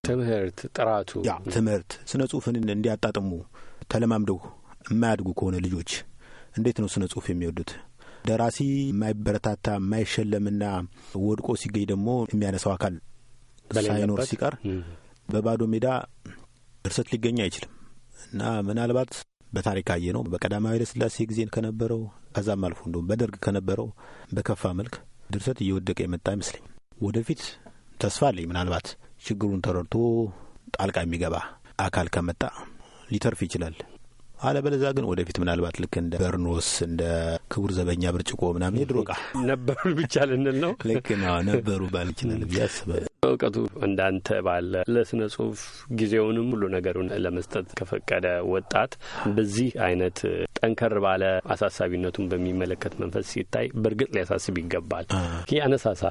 ትምህርት ጥራቱ ያ ትምህርት ስነ ጽሁፍን እንዲያጣጥሙ ተለማምደው የማያድጉ ከሆነ ልጆች እንዴት ነው ስነ ጽሁፍ የሚወዱት? ደራሲ የማይበረታታ የማይሸለምና ወድቆ ሲገኝ ደግሞ የሚያነሳው አካል ሳይኖር ሲቀር በባዶ ሜዳ ድርሰት ሊገኝ አይችልም እና ምናልባት በታሪክ አየ ነው በቀዳማዊ ኃይለሥላሴ ጊዜ ከነበረው ከዛም አልፎ እንደሁም በደርግ ከነበረው በከፋ መልክ ድርሰት እየወደቀ የመጣ አይመስለኝ። ወደፊት ተስፋ አለኝ። ምናልባት ችግሩን ተረድቶ ጣልቃ የሚገባ አካል ከመጣ ሊተርፍ ይችላል። አለበለዛ ግን ወደፊት ምናልባት ልክ እንደ በርኖስ እንደ ክቡር ዘበኛ ብርጭቆ ምናምን የድሮ ነበሩ ብቻ ልንል ነው። ልክ ነው ነበሩ ባል ይችላል ብዬ አስባለሁ። በእውቀቱ እንዳንተ ባለ ለስነ ጽሁፍ ጊዜውንም ሁሉ ነገሩን ለመስጠት ከፈቀደ ወጣት በዚህ አይነት ጠንከር ባለ አሳሳቢነቱን በሚመለከት መንፈስ ሲታይ በእርግጥ ሊያሳስብ ይገባል። ይህ አነሳሳ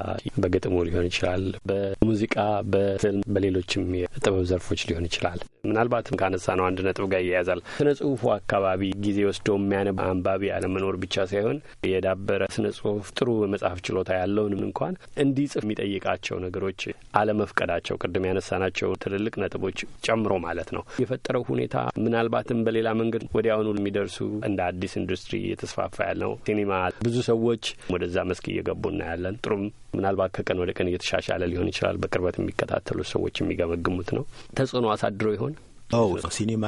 በግጥሙ ሊሆን ይችላል፣ በሙዚቃ በስዕል፣ በሌሎችም የጥበብ ዘርፎች ሊሆን ይችላል። ምናልባትም ካነሳ ነው አንድ ነጥብ ጋር ይያያዛል። ስነ ጽሁፉ አካባቢ ጊዜ ወስዶ የሚያነብ አንባቢ አለመኖር ብቻ ሳይሆን የዳበረ ስነ ጽሁፍ ጥሩ መጽሐፍ ችሎታ ያለውንም እንኳን እንዲጽፍ የሚጠይቃቸው ነገሮች አለመፍቀዳቸው ቅድም ያነሳናቸው ትልልቅ ነጥቦች ጨምሮ ማለት ነው የፈጠረው ሁኔታ ምናልባትም በሌላ መንገድ ወዲያውኑ የሚደርሱ እንደ አዲስ ኢንዱስትሪ እየተስፋፋ ያለው ሲኒማ ብዙ ሰዎች ወደዛ መስክ እየገቡ እናያለን። ጥሩም ምናልባት ከቀን ወደ ቀን እየተሻሻለ ሊሆን ይችላል። በቅርበት የሚከታተሉ ሰዎች የሚገመግሙት ነው። ተጽዕኖ አሳድሮ ይሆን? አዎ ሲኒማ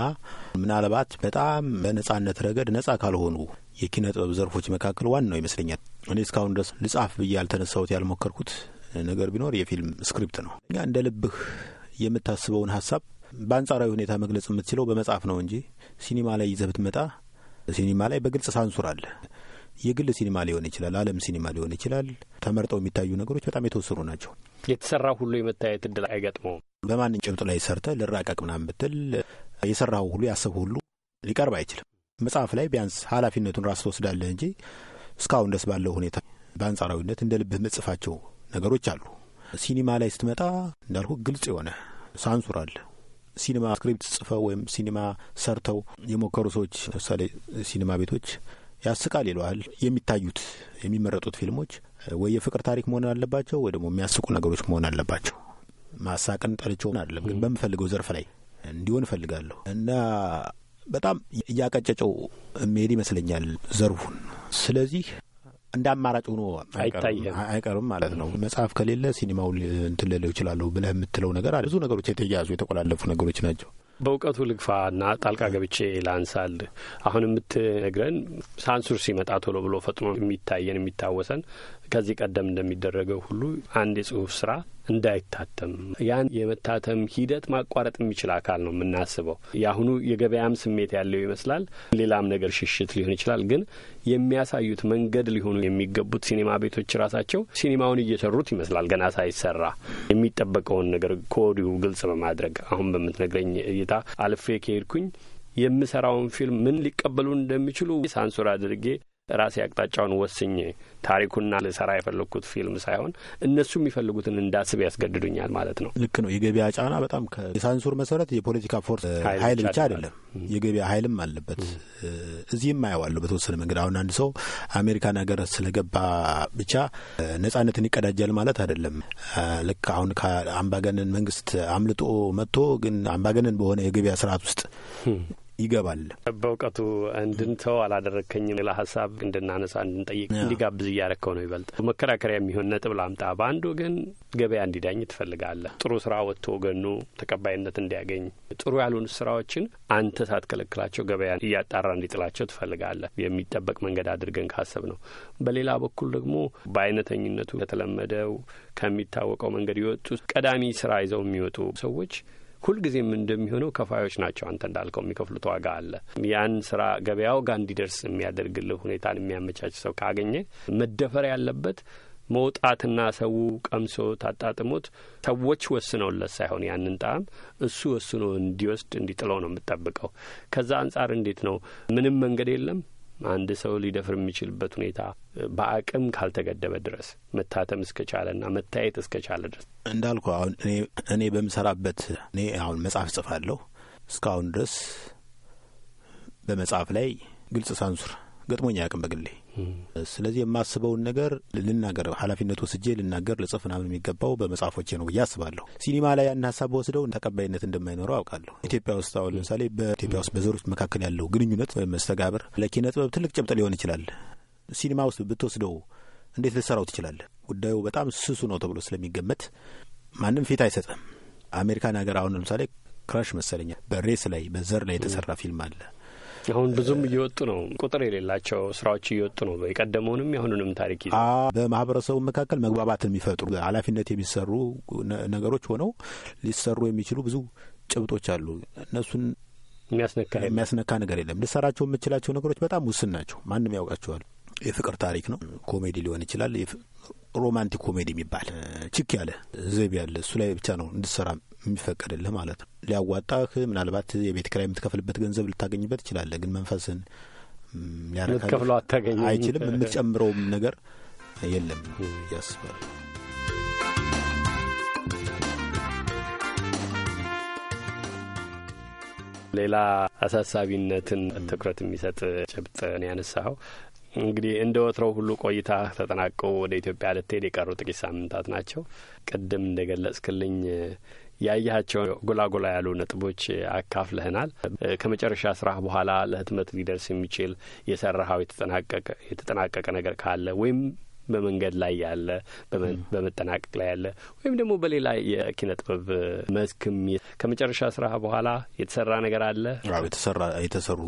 ምናልባት በጣም በነጻነት ረገድ ነጻ ካልሆኑ የኪነ ጥበብ ዘርፎች መካከል ዋናው ይመስለኛል። እኔ እስካሁን ድረስ ልጻፍ ብዬ ያልተነሳሁት ያልሞከርኩት ነገር ቢኖር የፊልም ስክሪፕት ነው። እኛ እንደ ልብህ የምታስበውን ሀሳብ በአንጻራዊ ሁኔታ መግለጽ የምትችለው በመጽሐፍ ነው እንጂ ሲኒማ ላይ ይዘህ ብትመጣ ሲኒማ ላይ በግልጽ ሳንሱር አለ። የግል ሲኒማ ሊሆን ይችላል፣ ዓለም ሲኒማ ሊሆን ይችላል። ተመርጠው የሚታዩ ነገሮች በጣም የተወሰኑ ናቸው። የተሰራ ሁሉ የመታየት እድል አይገጥመውም። በማንም ጭብጥ ላይ ሰርተ ልራቀቅ ምናምን ብትል የሰራው ሁሉ ያሰብ ሁሉ ሊቀርብ አይችልም። መጽሐፍ ላይ ቢያንስ ኃላፊነቱን ራስ ትወስዳለህ እንጂ እስካሁን ደስ ባለው ሁኔታ በአንጻራዊነት እንደ ልብህ መጽፋቸው ነገሮች አሉ። ሲኒማ ላይ ስትመጣ እንዳልኩ ግልጽ የሆነ ሳንሱር አለ። ሲኒማ ስክሪፕት ጽፈው ወይም ሲኒማ ሰርተው የሞከሩ ሰዎች ለምሳሌ ሲኒማ ቤቶች ያስቃል ይለዋል። የሚታዩት የሚመረጡት ፊልሞች ወይ የፍቅር ታሪክ መሆን አለባቸው ወይ ደግሞ የሚያስቁ ነገሮች መሆን አለባቸው። ማሳቅን ጠልቼው አይደለም፣ ግን በምፈልገው ዘርፍ ላይ እንዲሆን እፈልጋለሁ እና በጣም እያቀጨጨው መሄድ ይመስለኛል ዘርፉን። ስለዚህ እንደ አማራጭ ሆኖ አይቀርም ማለት ነው። መጽሐፍ ከሌለ ሲኒማው እንትን ልለው ይችላለሁ ብለህ የምትለው ነገር ብዙ ነገሮች የተያያዙ የተቆላለፉ ነገሮች ናቸው። በእውቀቱ ልግፋ ልግፋና ጣልቃ ገብቼ ላንሳል። አሁን የምትነግረን ሳንሱር ሲመጣ ቶሎ ብሎ ፈጥኖ የሚታየን የሚታወሰን ከዚህ ቀደም እንደሚደረገው ሁሉ አንድ የጽሁፍ ስራ እንዳይታተም ያን የመታተም ሂደት ማቋረጥ የሚችል አካል ነው የምናስበው። የአሁኑ የገበያም ስሜት ያለው ይመስላል። ሌላም ነገር ሽሽት ሊሆን ይችላል። ግን የሚያሳዩት መንገድ ሊሆኑ የሚገቡት ሲኔማ ቤቶች ራሳቸው ሲኔማውን እየሰሩት ይመስላል። ገና ሳይሰራ የሚጠበቀውን ነገር ከወዲሁ ግልጽ በማድረግ አሁን በምትነግረኝ እይታ አልፌ ከሄድኩኝ የምሰራውን ፊልም ምን ሊቀበሉ እንደሚችሉ ሳንሱር አድርጌ ራሴ አቅጣጫውን ወስኜ ታሪኩና ልሰራ የፈለግኩት ፊልም ሳይሆን እነሱ የሚፈልጉትን እንዳስብ ያስገድዱኛል ማለት ነው። ልክ ነው። የገበያ ጫና በጣም የሳንሱር መሰረት የፖለቲካ ፎርስ ኃይል ብቻ አይደለም፣ የገበያ ኃይልም አለበት። እዚህም አየዋለሁ በተወሰነ መንገድ። አሁን አንድ ሰው አሜሪካን ሀገር ስለገባ ብቻ ነጻነትን ይቀዳጃል ማለት አይደለም። ልክ አሁን ከአምባገነን መንግስት አምልጦ መጥቶ ግን አምባገነን በሆነ የገበያ ስርዓት ውስጥ ይገባል። በእውቀቱ እንድንተው አላደረግከኝም። ሌላ ሀሳብ እንድናነሳ እንድንጠይቅ እንዲጋብዝ እያረከው ነው። ይበልጥ መከራከሪያ የሚሆን ነጥብ ላምጣ። በአንድ ወገን ገበያ እንዲዳኝ ትፈልጋለህ። ጥሩ ስራ ወጥቶ ወገኑ ተቀባይነት እንዲያገኝ ጥሩ ያልሆኑ ስራዎችን አንተ ሳትከለክላቸው ገበያ እያጣራ እንዲጥላቸው ትፈልጋለህ። የሚጠበቅ መንገድ አድርገን ካሰብ ነው። በሌላ በኩል ደግሞ በአይነተኝነቱ ከተለመደው ከሚታወቀው መንገድ የወጡ ቀዳሚ ስራ ይዘው የሚወጡ ሰዎች ሁልጊዜም እንደሚሆነው ከፋዮች ናቸው። አንተ እንዳልከው የሚከፍሉት ዋጋ አለ። ያን ስራ ገበያው ጋር እንዲደርስ የሚያደርግልህ ሁኔታን የሚያመቻች ሰው ካገኘ መደፈር ያለበት መውጣትና ሰው ቀምሶ ታጣጥሞት ሰዎች ወስነውለት ሳይሆን ያንን ጣዕም እሱ ወስኖ እንዲወስድ እንዲጥለው ነው የምጠብቀው። ከዛ አንጻር እንዴት ነው? ምንም መንገድ የለም። አንድ ሰው ሊደፍር የሚችልበት ሁኔታ በአቅም ካልተገደበ ድረስ መታተም እስከቻለና መታየት እስከቻለ ድረስ እንዳልኩ አሁን እኔ በምሰራበት እኔ አሁን መጽሐፍ ጽፋለሁ። እስካሁን ድረስ በመጽሐፍ ላይ ግልጽ ሳንሱር ገጥሞኛ አቅም በግሌ ስለዚህ የማስበውን ነገር ልናገር፣ ኃላፊነት ወስጄ ልናገር፣ ልጽፍ ምናምን የሚገባው በመጽሐፎቼ ነው ብዬ አስባለሁ። ሲኒማ ላይ ያን ሀሳብ ወስደው ተቀባይነት እንደማይኖረው አውቃለሁ። ኢትዮጵያ ውስጥ አሁን ለምሳሌ በኢትዮጵያ ውስጥ በዘሮች መካከል ያለው ግንኙነት ወይም መስተጋብር ለኪነ ጥበብ ትልቅ ጭብጥ ሊሆን ይችላል። ሲኒማ ውስጥ ብትወስደው እንዴት ልሰራው ትችላለህ? ጉዳዩ በጣም ስሱ ነው ተብሎ ስለሚገመት ማንም ፊት አይሰጥም። አሜሪካን ሀገር አሁን ለምሳሌ ክራሽ መሰለኛል በሬስ ላይ በዘር ላይ የተሰራ ፊልም አለ። አሁን ብዙም እየወጡ ነው፣ ቁጥር የሌላቸው ስራዎች እየወጡ ነው። የቀደመውንም የአሁኑንም ታሪክ በማህበረሰቡ መካከል መግባባት የሚፈጥሩ ኃላፊነት የሚሰሩ ነገሮች ሆነው ሊሰሩ የሚችሉ ብዙ ጭብጦች አሉ። እነሱን የሚያስነካ ነገር የለም። ልሰራቸው የምችላቸው ነገሮች በጣም ውስን ናቸው። ማንም ያውቃቸዋል። የፍቅር ታሪክ ነው። ኮሜዲ ሊሆን ይችላል። ሮማንቲክ ኮሜዲ የሚባል ችክ ያለ ዘይቤ ያለ እሱ ላይ ብቻ ነው እንድትሰራ የሚፈቀድልህ ማለት ነው። ሊያዋጣህ ምናልባት የቤት ኪራይ የምትከፍልበት ገንዘብ ልታገኝበት ይችላለ። ግን መንፈስን አታገኝ አይችልም። የምትጨምረውም ነገር የለም ያስባል። ሌላ አሳሳቢነትን ትኩረት የሚሰጥ ጭብጥ ያነሳኸው። እንግዲህ እንደ ወትረው ሁሉ ቆይታ ተጠናቆ ወደ ኢትዮጵያ ልትሄድ የቀሩ ጥቂት ሳምንታት ናቸው። ቅድም እንደ ገለጽክልኝ ያያቸውን ጎላጎላ ያሉ ነጥቦች አካፍለህናል። ከመጨረሻ ስራህ በኋላ ለህትመት ሊደርስ የሚችል የሰራኸው የተጠናቀቀ ነገር ካለ ወይም በመንገድ ላይ ያለ በመጠናቀቅ ላይ ያለ ወይም ደግሞ በሌላ የኪነ ጥበብ መስክም ከመጨረሻ ስራ በኋላ የተሰራ ነገር አለ የተሰሩ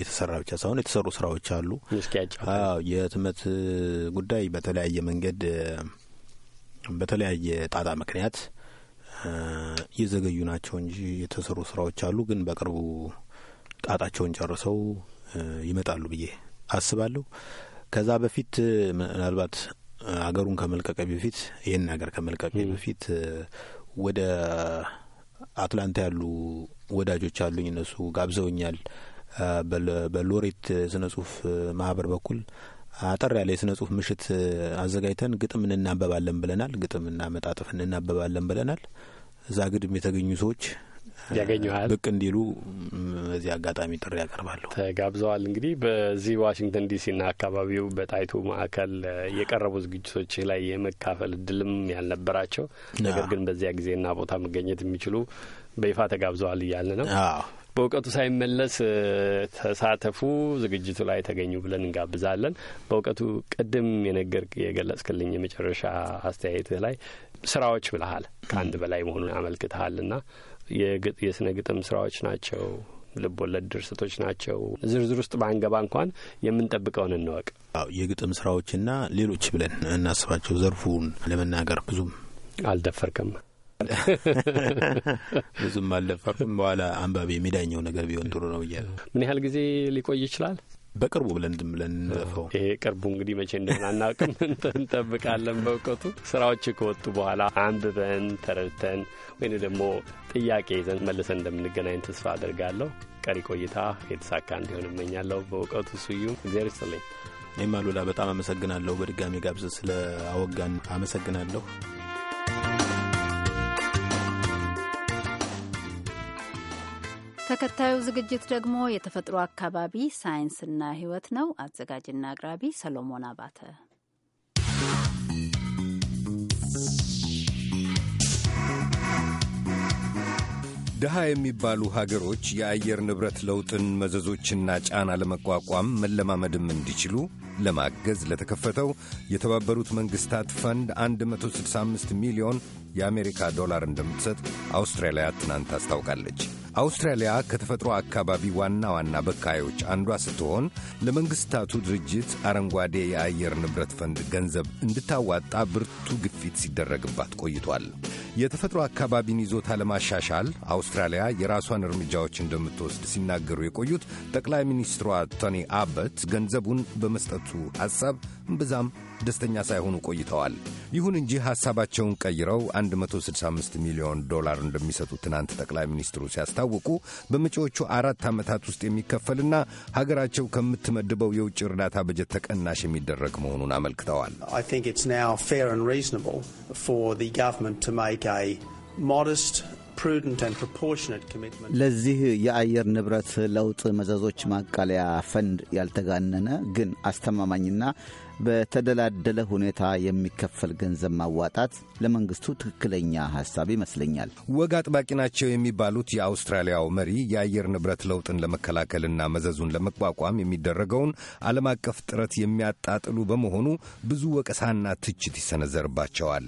የተሰራ ብቻ ሳይሆን የተሰሩ ስራዎች አሉ። የህትመት ጉዳይ በተለያየ መንገድ በተለያየ ጣጣ ምክንያት እየዘገዩ ናቸው እንጂ የተሰሩ ስራዎች አሉ። ግን በቅርቡ ጣጣቸውን ጨርሰው ይመጣሉ ብዬ አስባለሁ። ከዛ በፊት ምናልባት አገሩን ከመልቀቄ በፊት ይህን ሀገር ከመልቀቄ በፊት ወደ አትላንታ ያሉ ወዳጆች አሉኝ። እነሱ ጋብዘውኛል። በሎሬት ስነ ጽሁፍ ማህበር በኩል አጠር ያለ የስነ ጽሁፍ ምሽት አዘጋጅተን ግጥም እናበባለን ብለናል። ግጥምና መጣጥፍ እናበባለን ብለናል። እዛ ግድም የተገኙ ሰዎች ያገኘል ብቅ እንዲሉ በዚህ አጋጣሚ ጥሪ ያቀርባለሁ። ተጋብዘዋል። እንግዲህ በዚህ ዋሽንግተን ዲሲና አካባቢው በጣይቱ ማዕከል የቀረቡ ዝግጅቶች ላይ የመካፈል እድልም ያልነበራቸው ነገር ግን በዚያ ጊዜና ቦታ መገኘት የሚችሉ በይፋ ተጋብዘዋል እያልን ነው። በእውቀቱ ሳይመለስ ተሳተፉ፣ ዝግጅቱ ላይ ተገኙ ብለን እንጋብዛለን። በእውቀቱ ቅድም የነገር የገለጽክልኝ የመጨረሻ አስተያየትህ ላይ ስራዎች ብልሃል ከአንድ በላይ መሆኑን ና የስነ ግጥም ስራዎች ናቸው፣ ልብ ወለድ ድርሰቶች ናቸው። ዝርዝር ውስጥ ባንገባ እንኳን የምንጠብቀውን እንወቅ። የግጥም ስራዎችና ሌሎች ብለን እናስባቸው ዘርፉን ለመናገር ብዙም አልደፈርክም። (laughs) ብዙም አልደፈርኩም። በኋላ አንባቢ የሚዳኘው ነገር ቢሆን ጥሩ ነው ብያለሁ። ምን ያህል ጊዜ ሊቆይ ይችላል? በቅርቡ ብለን ድም ብለን እንለፈው። ይሄ ቅርቡ እንግዲህ መቼ እንደሆነ አናውቅም፣ (laughs) እንጠብቃለን። በእውቀቱ ስራዎች ከወጡ በኋላ አንብበን ተረድተን ወይም ደግሞ ጥያቄ ይዘን መልሰን እንደምንገናኝ ተስፋ አድርጋለሁ። ቀሪ ቆይታ የተሳካ እንዲሆን እመኛለሁ። በእውቀቱ ስዩም እግዚአብሔር ይስጥልኝ። እኔም አሉላ በጣም አመሰግናለሁ። በድጋሚ ጋብዘ ስለ አወጋን አመሰግናለሁ። ተከታዩ ዝግጅት ደግሞ የተፈጥሮ አካባቢ ሳይንስና ሕይወት ነው። አዘጋጅና አቅራቢ ሰሎሞን አባተ። ድሃ የሚባሉ ሀገሮች የአየር ንብረት ለውጥን መዘዞችና ጫና ለመቋቋም መለማመድም እንዲችሉ ለማገዝ ለተከፈተው የተባበሩት መንግሥታት ፈንድ 165 ሚሊዮን የአሜሪካ ዶላር እንደምትሰጥ አውስትራሊያ ትናንት አስታውቃለች። አውስትራሊያ ከተፈጥሮ አካባቢ ዋና ዋና በካዮች አንዷ ስትሆን ለመንግሥታቱ ድርጅት አረንጓዴ የአየር ንብረት ፈንድ ገንዘብ እንድታዋጣ ብርቱ ግፊት ሲደረግባት ቆይቷል። የተፈጥሮ አካባቢን ይዞታ ለማሻሻል አውስትራሊያ የራሷን እርምጃዎች እንደምትወስድ ሲናገሩ የቆዩት ጠቅላይ ሚኒስትሯ ቶኒ አበት ገንዘቡን በመስጠቱ ሐሳብ እምብዛም ደስተኛ ሳይሆኑ ቆይተዋል። ይሁን እንጂ ሐሳባቸውን ቀይረው 165 ሚሊዮን ዶላር እንደሚሰጡ ትናንት ጠቅላይ ሚኒስትሩ ሲያስታውቁ በመጪዎቹ አራት ዓመታት ውስጥ የሚከፈልና ሀገራቸው ከምትመድበው የውጭ እርዳታ በጀት ተቀናሽ የሚደረግ መሆኑን አመልክተዋል። ለዚህ የአየር ንብረት ለውጥ መዘዞች ማቃለያ ፈንድ ያልተጋነነ ግን አስተማማኝና በተደላደለ ሁኔታ የሚከፈል ገንዘብ ማዋጣት ለመንግስቱ ትክክለኛ ሐሳብ ይመስለኛል። ወግ አጥባቂ ናቸው የሚባሉት የአውስትራሊያው መሪ የአየር ንብረት ለውጥን ለመከላከልና መዘዙን ለመቋቋም የሚደረገውን ዓለም አቀፍ ጥረት የሚያጣጥሉ በመሆኑ ብዙ ወቀሳና ትችት ይሰነዘርባቸዋል።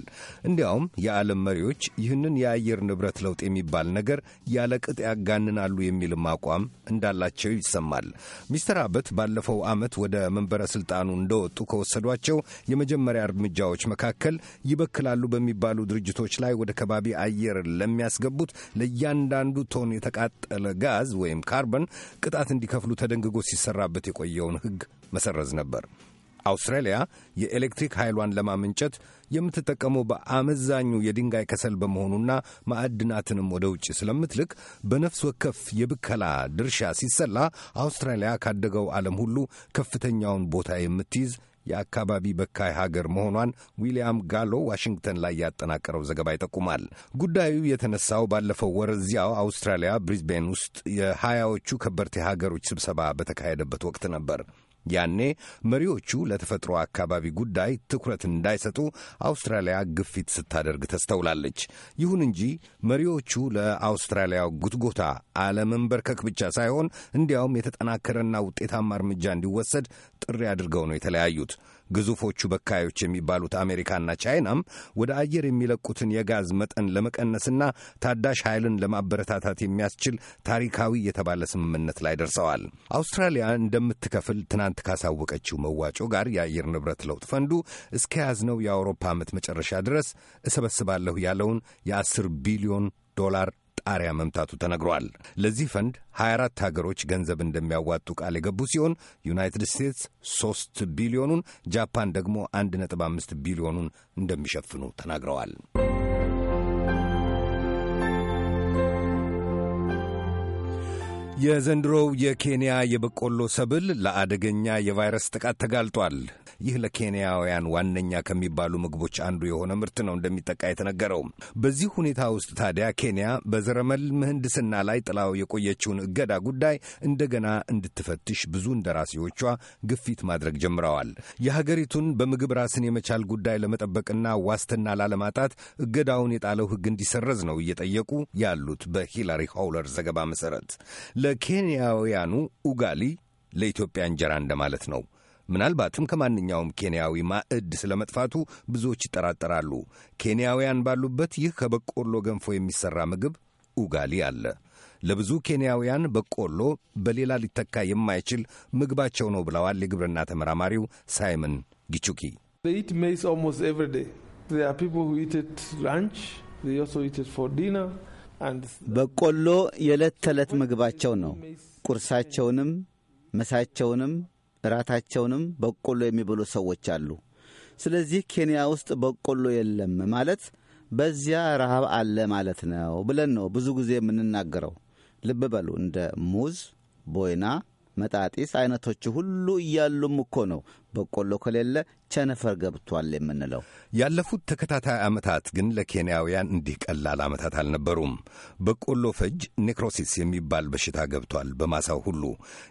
እንዲያውም የዓለም መሪዎች ይህንን የአየር ንብረት ለውጥ የሚባል ነገር ያለቅጥ ያጋንናሉ የሚልም አቋም እንዳላቸው ይሰማል። ሚስተር አበት ባለፈው ዓመት ወደ መንበረ ሥልጣኑ እንደወጡ ከወሰዷቸው የመጀመሪያ እርምጃዎች መካከል ይበክላሉ በሚባሉ ድርጅቶች ላይ ወደ ከባቢ አየር ለሚያስገቡት ለእያንዳንዱ ቶን የተቃጠለ ጋዝ ወይም ካርበን ቅጣት እንዲከፍሉ ተደንግጎ ሲሰራበት የቆየውን ሕግ መሰረዝ ነበር። አውስትራሊያ የኤሌክትሪክ ኃይሏን ለማመንጨት የምትጠቀመው በአመዛኙ የድንጋይ ከሰል በመሆኑና ማዕድናትንም ወደ ውጭ ስለምትልክ በነፍስ ወከፍ የብከላ ድርሻ ሲሰላ አውስትራሊያ ካደገው ዓለም ሁሉ ከፍተኛውን ቦታ የምትይዝ የአካባቢ በካይ ሀገር መሆኗን ዊልያም ጋሎ ዋሽንግተን ላይ ያጠናቀረው ዘገባ ይጠቁማል። ጉዳዩ የተነሳው ባለፈው ወር እዚያው አውስትራሊያ ብሪዝቤን ውስጥ የሀያዎቹ ከበርቴ ሀገሮች ስብሰባ በተካሄደበት ወቅት ነበር። ያኔ መሪዎቹ ለተፈጥሮ አካባቢ ጉዳይ ትኩረት እንዳይሰጡ አውስትራሊያ ግፊት ስታደርግ ተስተውላለች። ይሁን እንጂ መሪዎቹ ለአውስትራሊያው ጉትጎታ አለመንበርከክ ብቻ ሳይሆን እንዲያውም የተጠናከረና ውጤታማ እርምጃ እንዲወሰድ ጥሪ አድርገው ነው የተለያዩት። ግዙፎቹ በካዮች የሚባሉት አሜሪካና ቻይናም ወደ አየር የሚለቁትን የጋዝ መጠን ለመቀነስና ታዳሽ ኃይልን ለማበረታታት የሚያስችል ታሪካዊ የተባለ ስምምነት ላይ ደርሰዋል። አውስትራሊያ እንደምትከፍል ትናንት ካሳወቀችው መዋጮ ጋር የአየር ንብረት ለውጥ ፈንዱ እስከ ያዝነው የአውሮፓ ዓመት መጨረሻ ድረስ እሰበስባለሁ ያለውን የ10 ቢሊዮን ዶላር አርያ መምታቱ ተነግሯል። ለዚህ ፈንድ 24 ሀገሮች ገንዘብ እንደሚያዋጡ ቃል የገቡ ሲሆን ዩናይትድ ስቴትስ 3 ቢሊዮኑን፣ ጃፓን ደግሞ 1.5 ቢሊዮኑን እንደሚሸፍኑ ተናግረዋል። የዘንድሮው የኬንያ የበቆሎ ሰብል ለአደገኛ የቫይረስ ጥቃት ተጋልጧል። ይህ ለኬንያውያን ዋነኛ ከሚባሉ ምግቦች አንዱ የሆነ ምርት ነው እንደሚጠቃ የተነገረው። በዚህ ሁኔታ ውስጥ ታዲያ ኬንያ በዘረመል ምህንድስና ላይ ጥላው የቆየችውን እገዳ ጉዳይ እንደገና እንድትፈትሽ ብዙ እንደራሴዎቿ ግፊት ማድረግ ጀምረዋል። የሀገሪቱን በምግብ ራስን የመቻል ጉዳይ ለመጠበቅና ዋስትና ላለማጣት እገዳውን የጣለው ሕግ እንዲሰረዝ ነው እየጠየቁ ያሉት በሂላሪ ሆውለር ዘገባ መሰረት ለኬንያውያኑ ኡጋሊ ለኢትዮጵያ እንጀራ እንደማለት ነው። ምናልባትም ከማንኛውም ኬንያዊ ማዕድ ስለ መጥፋቱ ብዙዎች ይጠራጠራሉ። ኬንያውያን ባሉበት ይህ ከበቆሎ ገንፎ የሚሠራ ምግብ ኡጋሊ አለ። ለብዙ ኬንያውያን በቆሎ በሌላ ሊተካ የማይችል ምግባቸው ነው ብለዋል የግብርና ተመራማሪው ሳይመን ጊቹኪ። በቆሎ የዕለት ተዕለት ምግባቸው ነው። ቁርሳቸውንም፣ ምሳቸውንም፣ እራታቸውንም በቆሎ የሚበሉ ሰዎች አሉ። ስለዚህ ኬንያ ውስጥ በቆሎ የለም ማለት በዚያ ረሃብ አለ ማለት ነው ብለን ነው ብዙ ጊዜ የምንናገረው። ልብ በሉ እንደ ሙዝ፣ ቦይና፣ መጣጢስ አይነቶቹ ሁሉ እያሉም እኮ ነው በቆሎ ከሌለ ቸነፈር ገብቷል የምንለው። ያለፉት ተከታታይ ዓመታት ግን ለኬንያውያን እንዲህ ቀላል ዓመታት አልነበሩም። በቆሎ ፈጅ ኔክሮሲስ የሚባል በሽታ ገብቷል በማሳው ሁሉ።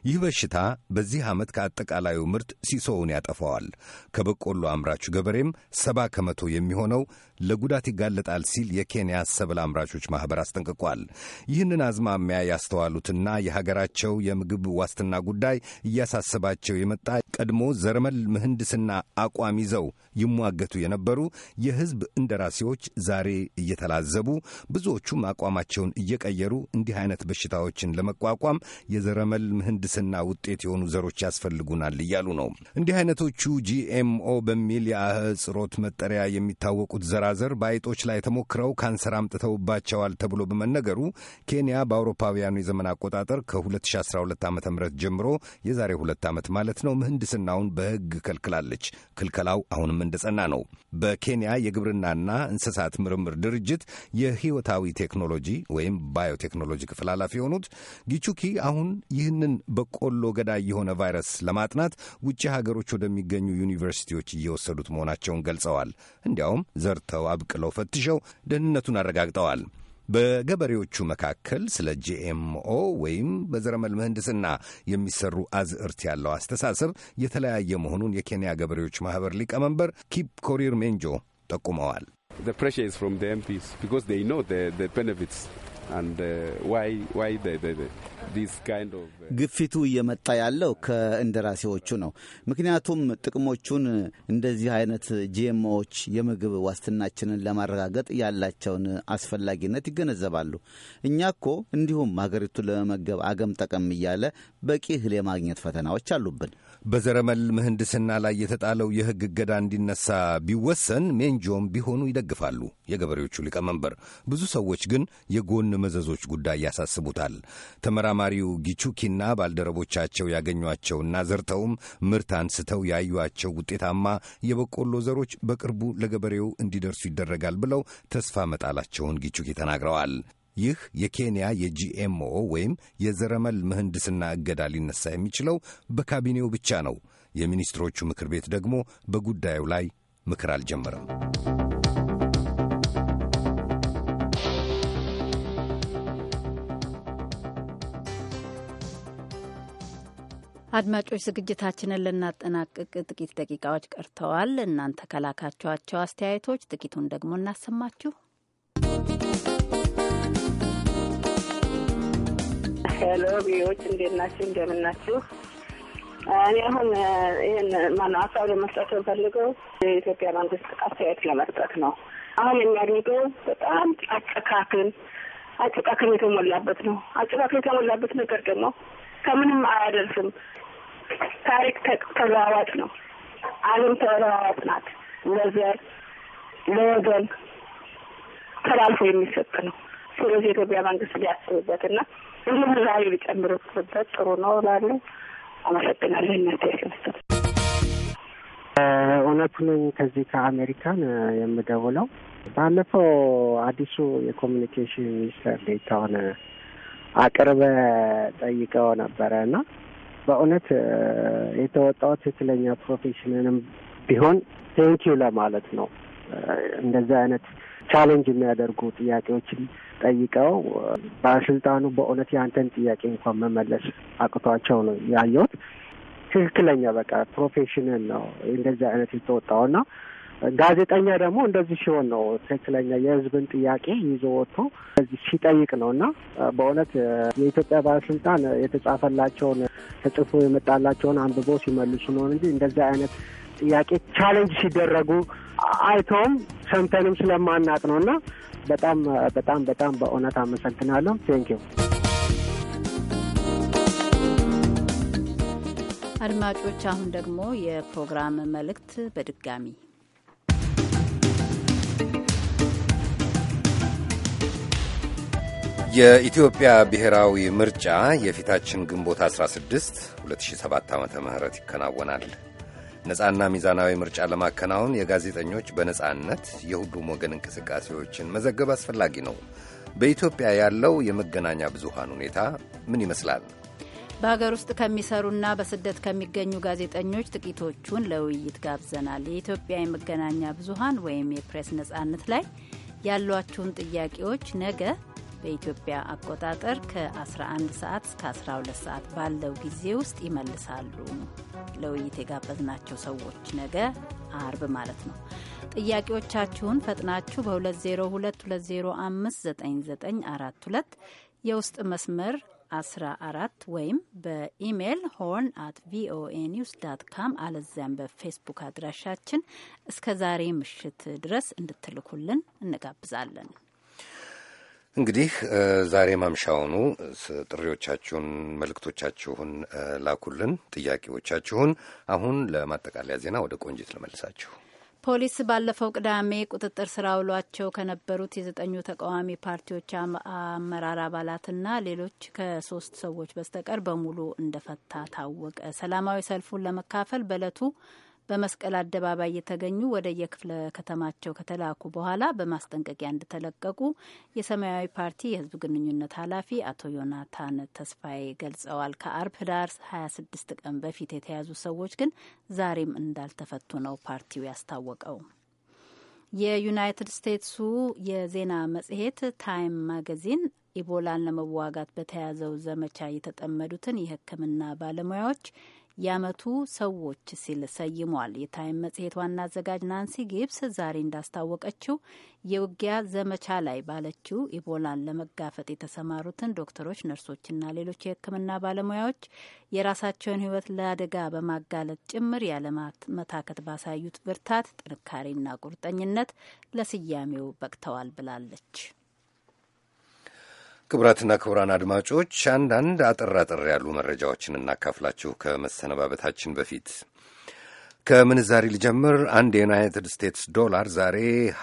ይህ በሽታ በዚህ ዓመት ከአጠቃላዩ ምርት ሲሶውን ያጠፋዋል። ከበቆሎ አምራቹ ገበሬም ሰባ ከመቶ የሚሆነው ለጉዳት ይጋለጣል ሲል የኬንያ ሰብል አምራቾች ማኅበር አስጠንቅቋል። ይህንን አዝማሚያ ያስተዋሉትና የሀገራቸው የምግብ ዋስትና ጉዳይ እያሳሰባቸው የመጣ ቀድሞ ዘረመ የመል ምህንድስና አቋም ይዘው ይሟገቱ የነበሩ የህዝብ እንደራሴዎች ዛሬ እየተላዘቡ ብዙዎቹም አቋማቸውን እየቀየሩ እንዲህ አይነት በሽታዎችን ለመቋቋም የዘረመል ምህንድስና ውጤት የሆኑ ዘሮች ያስፈልጉናል እያሉ ነው። እንዲህ አይነቶቹ ጂኤምኦ በሚል የአህጽሮት መጠሪያ የሚታወቁት ዘራዘር በአይጦች ላይ ተሞክረው ካንሰር አምጥተውባቸዋል ተብሎ በመነገሩ ኬንያ በአውሮፓውያኑ የዘመን አቆጣጠር ከ2012 ዓ ም ጀምሮ የዛሬ ሁለት ዓመት ማለት ነው ምህንድስናውን በህ በሕግ ከልክላለች። ክልከላው አሁንም እንደጸና ነው። በኬንያ የግብርናና እንስሳት ምርምር ድርጅት የህይወታዊ ቴክኖሎጂ ወይም ባዮቴክኖሎጂ ክፍል ኃላፊ የሆኑት ጊቹኪ አሁን ይህንን በቆሎ ገዳይ የሆነ ቫይረስ ለማጥናት ውጭ ሀገሮች ወደሚገኙ ዩኒቨርሲቲዎች እየወሰዱት መሆናቸውን ገልጸዋል። እንዲያውም ዘርተው አብቅለው ፈትሸው ደህንነቱን አረጋግጠዋል። በገበሬዎቹ መካከል ስለ ጂኤምኦ ወይም በዘረመል ምህንድስና የሚሰሩ አዝዕርት ያለው አስተሳሰብ የተለያየ መሆኑን የኬንያ ገበሬዎች ማህበር ሊቀመንበር ኪፕ ኮሪር ሜንጆ ጠቁመዋል። ግፊቱ እየመጣ ያለው ከእንደራሴዎቹ ነው። ምክንያቱም ጥቅሞቹን እንደዚህ አይነት ጂኤምኦዎች የምግብ ዋስትናችንን ለማረጋገጥ ያላቸውን አስፈላጊነት ይገነዘባሉ። እኛ እኮ እንዲሁም ሀገሪቱን ለመመገብ አገም ጠቀም እያለ በቂ እህል የማግኘት ፈተናዎች አሉብን። በዘረመል ምህንድስና ላይ የተጣለው የሕግ እገዳ እንዲነሳ ቢወሰን ሜንጆም ቢሆኑ ይደግፋሉ የገበሬዎቹ ሊቀመንበር። ብዙ ሰዎች ግን የጎን መዘዞች ጉዳይ ያሳስቡታል። ተመራማሪው ጊቹኪና ባልደረቦቻቸው ያገኟቸውና ዘርተውም ምርት አንስተው ያዩቸው ውጤታማ የበቆሎ ዘሮች በቅርቡ ለገበሬው እንዲደርሱ ይደረጋል ብለው ተስፋ መጣላቸውን ጊቹኪ ተናግረዋል። ይህ የኬንያ የጂኤምኦ ወይም የዘረመል ምህንድስና እገዳ ሊነሳ የሚችለው በካቢኔው ብቻ ነው። የሚኒስትሮቹ ምክር ቤት ደግሞ በጉዳዩ ላይ ምክር አልጀመረም። አድማጮች ዝግጅታችንን ልናጠናቅቅ ጥቂት ደቂቃዎች ቀርተዋል። እናንተ ከላካችኋቸው አስተያየቶች ጥቂቱን ደግሞ እናሰማችሁ። ሄሎ ቢዎች እንዴት ናችሁ? እንደምን ናችሁ? እኔ አሁን ይህን ማነው ሀሳብ ለመስጠት የምፈልገው የኢትዮጵያ መንግስት አስተያየት ለመስጠት ነው። አሁን የሚያደርገው በጣም አጨካክን አጨካክን የተሞላበት ነው። አጨካክን የተሞላበት ነገር ደግሞ ከምንም አያደርስም። ታሪክ ተለዋዋጭ ነው። ዓለም ተለዋዋጭ ናት። ለዘር ለወገን ተላልፎ የሚሰጥ ነው። ስለዚህ የኢትዮጵያ መንግስት ሊያስብበትና እንዲሁም እዛ ሀይል ጥሩ ነው እላለሁ። አመሰግናለሁ። እናቴ ስምስል እውነቱ ነኝ። ከዚህ ከአሜሪካን የምደውለው ባለፈው አዲሱ የኮሚኒኬሽን ሚኒስተር ዴኤታውን አቅርበ ጠይቀው ነበረ እና በእውነት የተወጣው ትክክለኛ ፕሮፌሽንንም ቢሆን ቴንኪዩ ለማለት ነው እንደዚህ አይነት ቻሌንጅ የሚያደርጉ ጥያቄዎችን ጠይቀው ባለስልጣኑ በእውነት የአንተን ጥያቄ እንኳን መመለስ አቅቷቸው ነው ያየሁት። ትክክለኛ በቃ ፕሮፌሽንን ነው እንደዚህ አይነት የተወጣው እና ጋዜጠኛ ደግሞ እንደዚህ ሲሆን ነው ትክክለኛ የህዝብን ጥያቄ ይዞ ወጥቶ እዚህ ሲጠይቅ ነው እና በእውነት የኢትዮጵያ ባለስልጣን የተጻፈላቸውን ተጽፎ የመጣላቸውን አንብቦ ሲመልሱ ነው እንጂ እንደዚህ አይነት ጥያቄ ቻሌንጅ ሲደረጉ አይቶም ሰምተንም ስለማናቅ ነው እና በጣም በጣም በጣም በእውነት አመሰግናለሁ። ቴንኪው። አድማጮች፣ አሁን ደግሞ የፕሮግራም መልእክት በድጋሚ የኢትዮጵያ ብሔራዊ ምርጫ የፊታችን ግንቦት 16 2007 ዓ ም ይከናወናል። ነፃና ሚዛናዊ ምርጫ ለማከናወን የጋዜጠኞች በነፃነት የሁሉም ወገን እንቅስቃሴዎችን መዘገብ አስፈላጊ ነው። በኢትዮጵያ ያለው የመገናኛ ብዙሃን ሁኔታ ምን ይመስላል? በሀገር ውስጥ ከሚሰሩና በስደት ከሚገኙ ጋዜጠኞች ጥቂቶቹን ለውይይት ጋብዘናል። የኢትዮጵያ የመገናኛ ብዙሃን ወይም የፕሬስ ነፃነት ላይ ያሏችሁን ጥያቄዎች ነገ በኢትዮጵያ አቆጣጠር ከ11 ሰዓት እስከ 12 ሰዓት ባለው ጊዜ ውስጥ ይመልሳሉ። ለውይይት የጋበዝናቸው ሰዎች ነገ አርብ ማለት ነው። ጥያቄዎቻችሁን ፈጥናችሁ በ2022059942 የውስጥ መስመር 14 ወይም በኢሜይል ሆርን አት ቪኦኤ ኒውስ ዳት ካም አለዚያም በፌስቡክ አድራሻችን እስከ ዛሬ ምሽት ድረስ እንድትልኩልን እንጋብዛለን። እንግዲህ ዛሬ ማምሻውኑ ጥሪዎቻችሁን፣ መልእክቶቻችሁን ላኩልን፣ ጥያቄዎቻችሁን። አሁን ለማጠቃለያ ዜና ወደ ቆንጂት ልመልሳችሁ። ፖሊስ ባለፈው ቅዳሜ ቁጥጥር ስራ ውሏቸው ከነበሩት የዘጠኙ ተቃዋሚ ፓርቲዎች አመራር አባላትና ሌሎች ከሶስት ሰዎች በስተቀር በሙሉ እንደፈታ ታወቀ። ሰላማዊ ሰልፉን ለመካፈል በእለቱ በመስቀል አደባባይ የተገኙ ወደ የክፍለ ከተማቸው ከተላኩ በኋላ በማስጠንቀቂያ እንደተለቀቁ የሰማያዊ ፓርቲ የህዝብ ግንኙነት ኃላፊ አቶ ዮናታን ተስፋዬ ገልጸዋል። ከአርብ ህዳር 26 ቀን በፊት የተያዙ ሰዎች ግን ዛሬም እንዳልተፈቱ ነው ፓርቲው ያስታወቀው። የዩናይትድ ስቴትሱ የዜና መጽሔት ታይም ማገዚን ኢቦላን ለመዋጋት በተያዘው ዘመቻ የተጠመዱትን የሕክምና ባለሙያዎች የአመቱ ሰዎች ሲል ሰይሟል። የታይም መጽሔት ዋና አዘጋጅ ናንሲ ጊብስ ዛሬ እንዳስታወቀችው የውጊያ ዘመቻ ላይ ባለችው ኢቦላን ለመጋፈጥ የተሰማሩትን ዶክተሮች፣ ነርሶችና ሌሎች የሕክምና ባለሙያዎች የራሳቸውን ሕይወት ለአደጋ በማጋለጥ ጭምር ያለመታከት ባሳዩት ብርታት፣ ጥንካሬና ቁርጠኝነት ለስያሜው በቅተዋል ብላለች። ክቡራትና ክቡራን አድማጮች አንዳንድ አጠር አጠር ያሉ መረጃዎችን እናካፍላችሁ ከመሰነባበታችን በፊት ከምንዛሪ ልጀምር። አንድ የዩናይትድ ስቴትስ ዶላር ዛሬ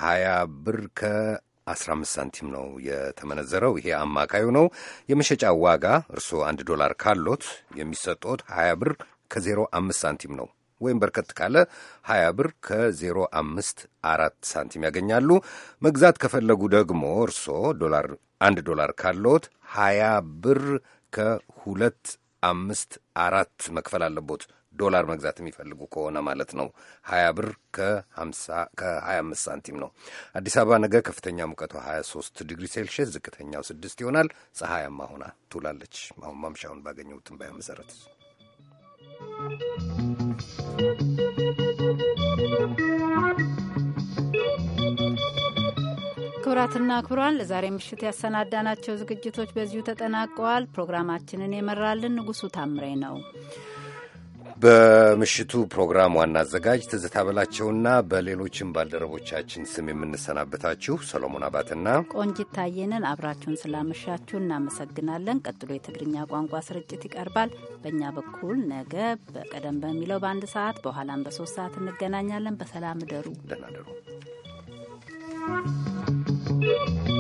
20 ብር ከ15 ሳንቲም ነው የተመነዘረው። ይሄ አማካዩ ነው። የመሸጫ ዋጋ እርስዎ አንድ ዶላር ካሎት የሚሰጡት 20 ብር ከ05 ሳንቲም ነው። ወይም በርከት ካለ 20 ብር ከ05 አራት ሳንቲም ያገኛሉ። መግዛት ከፈለጉ ደግሞ እርሶ ዶላር አንድ ዶላር ካለዎት 20 ብር ከሁለት አምስት አራት መክፈል አለቦት። ዶላር መግዛት የሚፈልጉ ከሆነ ማለት ነው። 20 ብር ከ25 ሳንቲም ነው። አዲስ አበባ ነገ ከፍተኛ ሙቀቷ 23 ዲግሪ ሴልሽየስ፣ ዝቅተኛው 6 ይሆናል። ፀሐያማ ሆና ትውላለች። አሁን ማምሻውን ባገኘው ትንበያ you. ክቡራትና ክቡራን ለዛሬ ምሽት ያሰናዳናቸው ዝግጅቶች በዚሁ ተጠናቀዋል። ፕሮግራማችንን የመራልን ንጉሱ ታምሬ ነው። በምሽቱ ፕሮግራም ዋና አዘጋጅ ትዝታ በላቸውና በሌሎችም ባልደረቦቻችን ስም የምንሰናበታችሁ ሰሎሞን አባትና ቆንጂት ታየንን አብራችሁን ስላመሻችሁ እናመሰግናለን። ቀጥሎ የትግርኛ ቋንቋ ስርጭት ይቀርባል። በእኛ በኩል ነገ በቀደም በሚለው በአንድ ሰዓት በኋላም በሶስት ሰዓት እንገናኛለን። በሰላም እደሩ። ደህና you.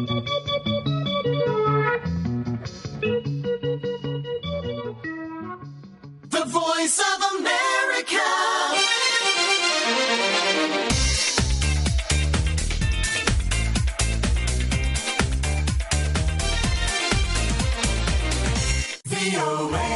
voice of America. VOA.